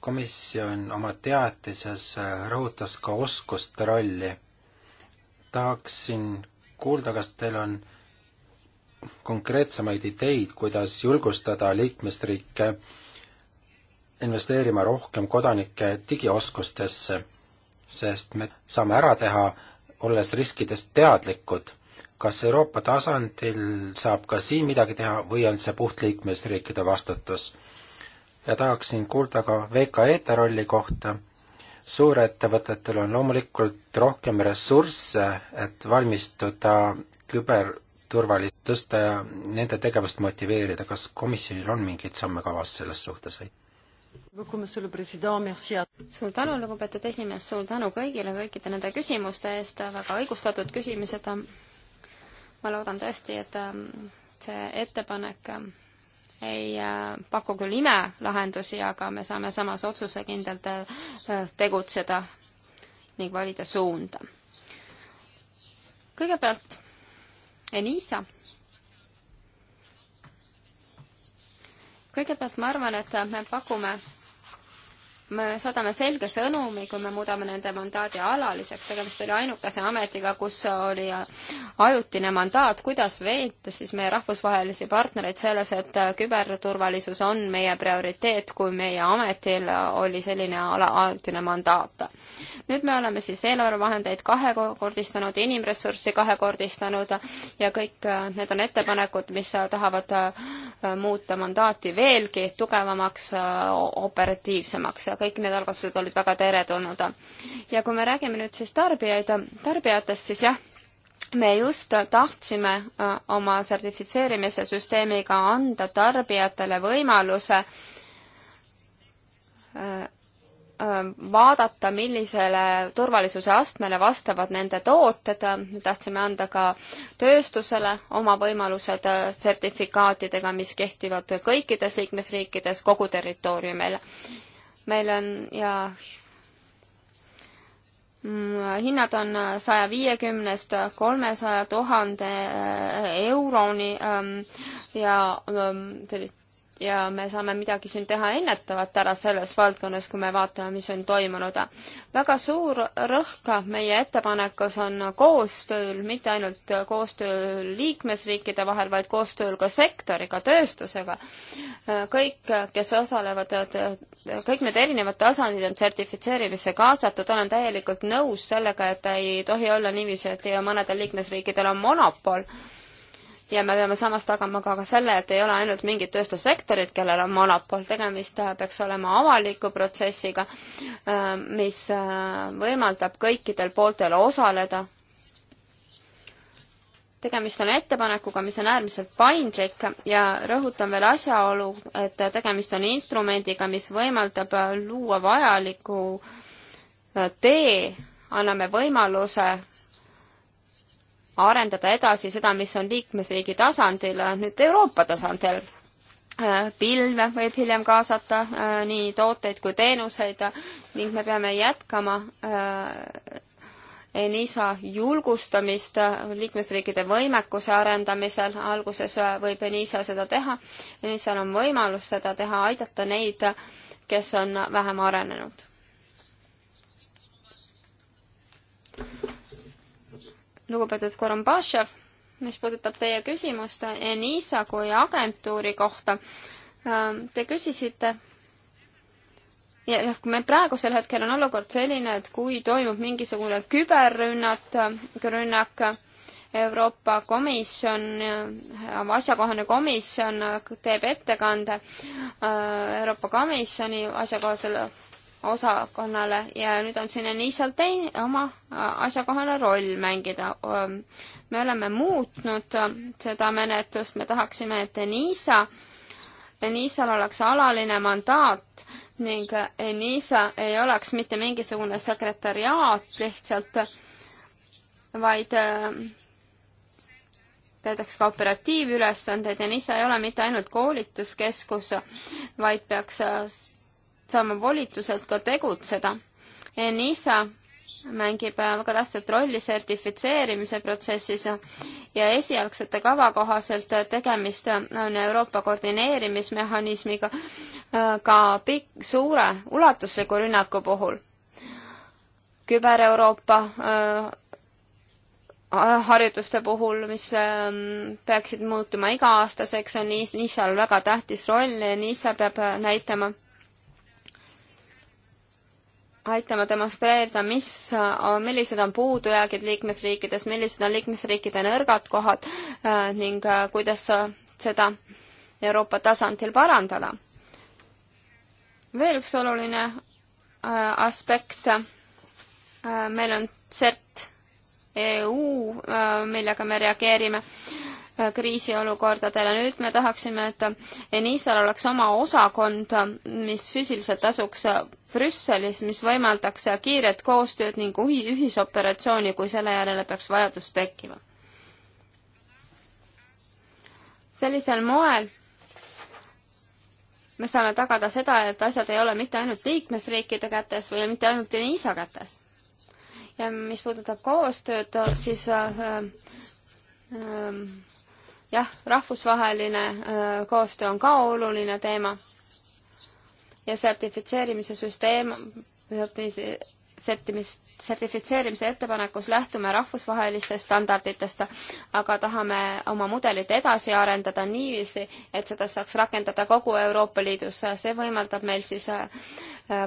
Speaker 1: komisjon oma teatises rõhutas ka oskuste rolli. tahaksin kuulda, kas teil on konkreetsemaid ideid, kuidas julgustada liikmesriike investeerima rohkem kodanike digioskustesse, sest me saame ära teha, olles riskidest teadlikud. kas Euroopa tasandil saab ka siin midagi teha või on see puht liikmesriikide vastutus? ja tahaksin kuulda ka VKE-de rolli kohta. suurettevõtetel on loomulikult rohkem ressursse, et valmistuda küberturvalisust tõsta ja nende tegevust motiveerida. kas komisjonil on mingeid samme kavas selles suhtes?
Speaker 3: suur tänu, lugupeetud esimees, suur tänu kõigile kõikide nende küsimuste eest, väga õigustatud küsimused. ma loodan tõesti, et ähm, see ettepanek ähm, ei äh, paku küll imelahendusi, aga me saame samas otsusekindlalt äh, tegutseda ning valida suunda. kõigepealt Enisa. kõigepealt ma arvan, et me pakume me saadame selge sõnumi, kui me muudame nende mandaadi alaliseks, tegemist oli ainukese ametiga, kus oli ajutine mandaat, kuidas veeta siis meie rahvusvahelisi partnereid selles, et küberturvalisus on meie prioriteet, kui meie ametil oli selline ala, ajutine mandaat. nüüd me oleme siis eelarvevahendeid kahekordistanud, inimressurssi kahekordistanud ja kõik need on ettepanekud, mis tahavad muuta mandaati veelgi tugevamaks, operatiivsemaks kõik need algatused olid väga teretulnud. ja kui me räägime nüüd siis tarbijaid, tarbijatest, siis jah, me just tahtsime äh, oma sertifitseerimise süsteemiga anda tarbijatele võimaluse äh, äh, vaadata, millisele turvalisuse astmele vastavad nende tooted, me tahtsime anda ka tööstusele oma võimalused sertifikaatidega, mis kehtivad kõikides liikmesriikides kogu territooriumil meil on ja mm, hinnad on äh, saja viiekümnest kolmesaja tuhande äh, euroni ähm, ja ähm, sellist ja me saame midagi siin teha ennetavat ära selles valdkonnas, kui me vaatame, mis on toimunud. väga suur rõhk meie ettepanekus on koostööl, mitte ainult koostööl liikmesriikide vahel, vaid koostööl ka sektoriga, tööstusega. kõik, kes osalevad, kõik need erinevad tasandid on sertifitseerimisse kaasatud, olen täielikult nõus sellega, et ei tohi olla niiviisi, et mõnedel liikmesriikidel on monopol ja me peame samas tagama ka, ka selle, et ei ole ainult mingid tööstussektorid, kellel on monopol, tegemist äh, peaks olema avaliku protsessiga, äh, mis äh, võimaldab kõikidel pooltel osaleda. tegemist on ettepanekuga, mis on äärmiselt paindlik ja rõhutan veel asjaolu, et tegemist on instrumendiga, mis võimaldab luua vajaliku tee, anname võimaluse arendada edasi seda, mis on liikmesriigi tasandil, nüüd Euroopa tasandil. Äh, pilve võib hiljem kaasata, äh, nii tooteid kui teenuseid ning me peame jätkama äh, ENISA julgustamist liikmesriikide võimekuse arendamisel, alguses võib ENISA seda teha, ENISA-l on võimalus seda teha, aidata neid, kes on vähem arenenud lugupeetud Korombašev, mis puudutab teie küsimust ENISA kui agentuuri kohta. Ähm, te küsisite, ja noh, kui meil praegusel hetkel on olukord selline, et kui toimub mingisugune küberrünnat, rünnak, Euroopa Komisjon, äh, asjakohane komisjon äh, teeb ettekande äh, Euroopa Komisjoni asjakohasele osakonnale ja nüüd on siin Anisal teine, oma äh, asjakohane roll mängida. Ähm, me oleme muutnud äh, seda menetlust, me tahaksime, et Anisa, Anisal oleks alaline mandaat ning Anisa ei oleks mitte mingisugune sekretariaat lihtsalt, vaid äh, täidaks ka operatiivülesandeid ja NISA ei ole mitte ainult koolituskeskus, vaid peaks saama volitused ka tegutseda. NISA mängib väga tähtsat rolli sertifitseerimise protsessis ja esialgsete kava kohaselt tegemist on Euroopa koordineerimismehhanismiga äh, ka pikk, suure ulatusliku rünnaku puhul. küber-Euroopa äh, harjutuste puhul, mis ähm, peaksid muutuma iga-aastaseks, on Niisal väga tähtis roll ja Niisa peab äh, näitama aitama demonstreerida, mis, äh, millised on puudujäägid liikmesriikides, millised on liikmesriikide nõrgad kohad äh, ning äh, kuidas seda Euroopa tasandil parandada. veel üks oluline aspekt, meil on CERT EU, millega me reageerime kriisiolukordadele. nüüd me tahaksime, et Enisal oleks oma osakond, mis füüsiliselt asuks Brüsselis, mis võimaldaks kiiret koostööd ning ühisoperatsiooni, kui selle järele peaks vajadus tekkima. sellisel moel me saame tagada seda, et asjad ei ole mitte ainult liikmesriikide kätes või mitte ainult Enisa kätes. ja mis puudutab koostööd, siis äh, äh, jah, rahvusvaheline äh, koostöö on ka oluline teema ja sertifitseerimise süsteem, settimist, sertifitseerimise ettepanekus lähtume rahvusvahelistest standarditest, aga tahame oma mudelit edasi arendada niiviisi, et seda saaks rakendada kogu Euroopa Liidus. see võimaldab meil siis äh,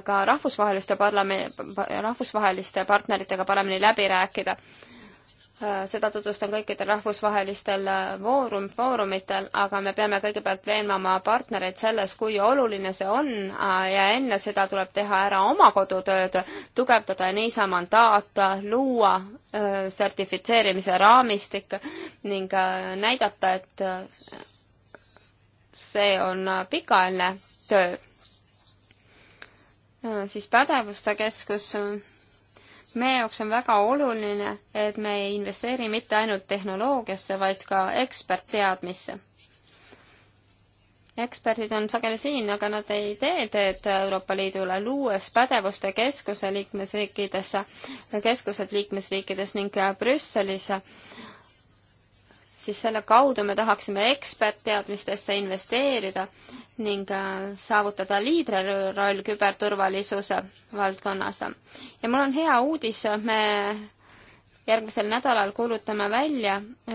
Speaker 3: ka rahvusvaheliste parlamendi, rahvusvaheliste partneritega paremini läbi rääkida Äh, seda tutvustan kõikidel rahvusvahelistel äh, foorum, foorumitel, aga me peame kõigepealt veenma oma partnereid selles, kui oluline see on äh, ja enne seda tuleb teha ära oma kodutööd, tugevdada NISA mandaat, luua sertifitseerimise raamistik ning näidata, et see on pikaajaline töö. siis pädevuste keskus meie jaoks on väga oluline, et me ei investeeri mitte ainult tehnoloogiasse, vaid ka ekspertteadmisse. eksperdid on sageli siin, aga nad ei tee teed Euroopa Liidule, luues pädevuste keskuse liikmesriikidesse, keskused liikmesriikides ning Brüsselis, siis selle kaudu me tahaksime ekspertteadmistesse investeerida ning äh, saavutada liidriroll küberturvalisuse valdkonnas. ja mul on hea uudis, me järgmisel nädalal kuulutame välja äh,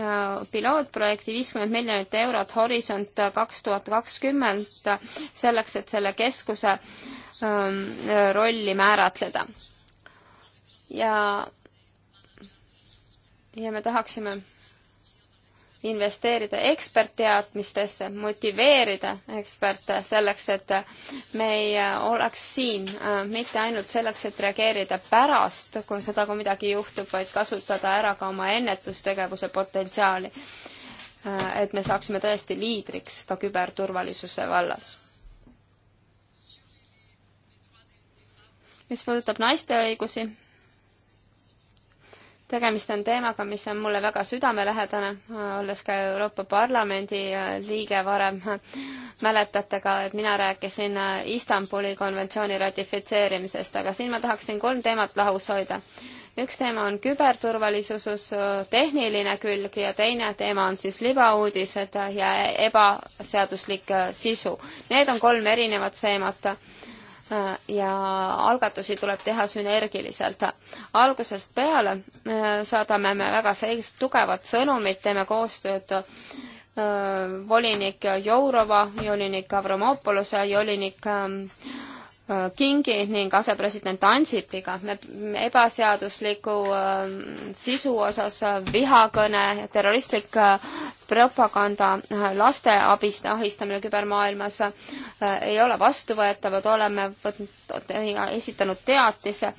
Speaker 3: pilootprojekti viiskümmend miljonit eurot Horisont kaks tuhat kakskümmend selleks, et selle keskuse ähm, rolli määratleda. ja, ja me tahaksime investeerida ekspertteadmistesse, motiveerida eksperte selleks, et me ei äh, oleks siin äh, mitte ainult selleks, et reageerida pärast, kui seda, kui midagi juhtub, vaid kasutada ära ka oma ennetustegevuse potentsiaali. Äh, et me saaksime tõesti liidriks ka küberturvalisuse vallas. mis puudutab naiste õigusi tegemist on teemaga, mis on mulle väga südamelähedane, olles ka Euroopa Parlamendi äh, liige varem, mäletate ka, et mina rääkisin äh, Istanbuli konventsiooni ratifitseerimisest, aga siin ma tahaksin kolm teemat lahus hoida. üks teema on küberturvalisusus, äh, tehniline külg ja teine teema on siis libauudised ja ebaseaduslik sisu. Need on kolm erinevat teemat ja algatusi tuleb teha sünergiliselt algusest peale äh, saadame me väga sellist tugevat sõnumit, teeme koostööd äh, volinik Jourova, volinik Avramopolose, volinik ähm, äh, Kingi ning asepresident Ansipiga. me ebaseadusliku ähm, sisu osas vihakõne, terroristlik propaganda, laste abist, ahistamine kübermaailmas ei ole vastuvõetavad, oleme võtnud, esitanud teatise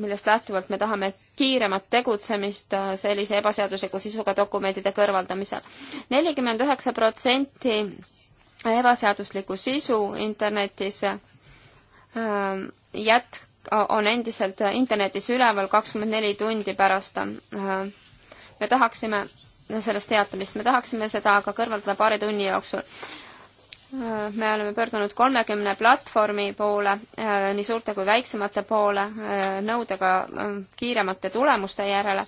Speaker 3: millest lähtuvalt me tahame kiiremat tegutsemist äh, sellise ebaseadusliku sisuga dokumentide kõrvaldamisel. nelikümmend üheksa protsenti ebaseaduslikku sisu internetis äh, jät-, on endiselt internetis üleval kakskümmend neli tundi pärast. Äh, me tahaksime sellest teatamist, me tahaksime seda aga kõrvaldada paari tunni jooksul Äh, me oleme pöördunud kolmekümne platvormi poole, äh, nii suurte kui väiksemate poole, äh, nõudega kiiremate tulemuste järele.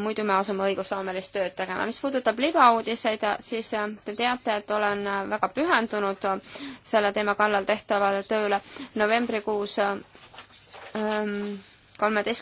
Speaker 3: muidu me asume õigusloomelist tööd tegema. mis puudutab libauudiseid, siis te teate, et olen väga pühendunud selle teema kallal tehtavale tööle. novembrikuus ähm,
Speaker 2: kolmeteist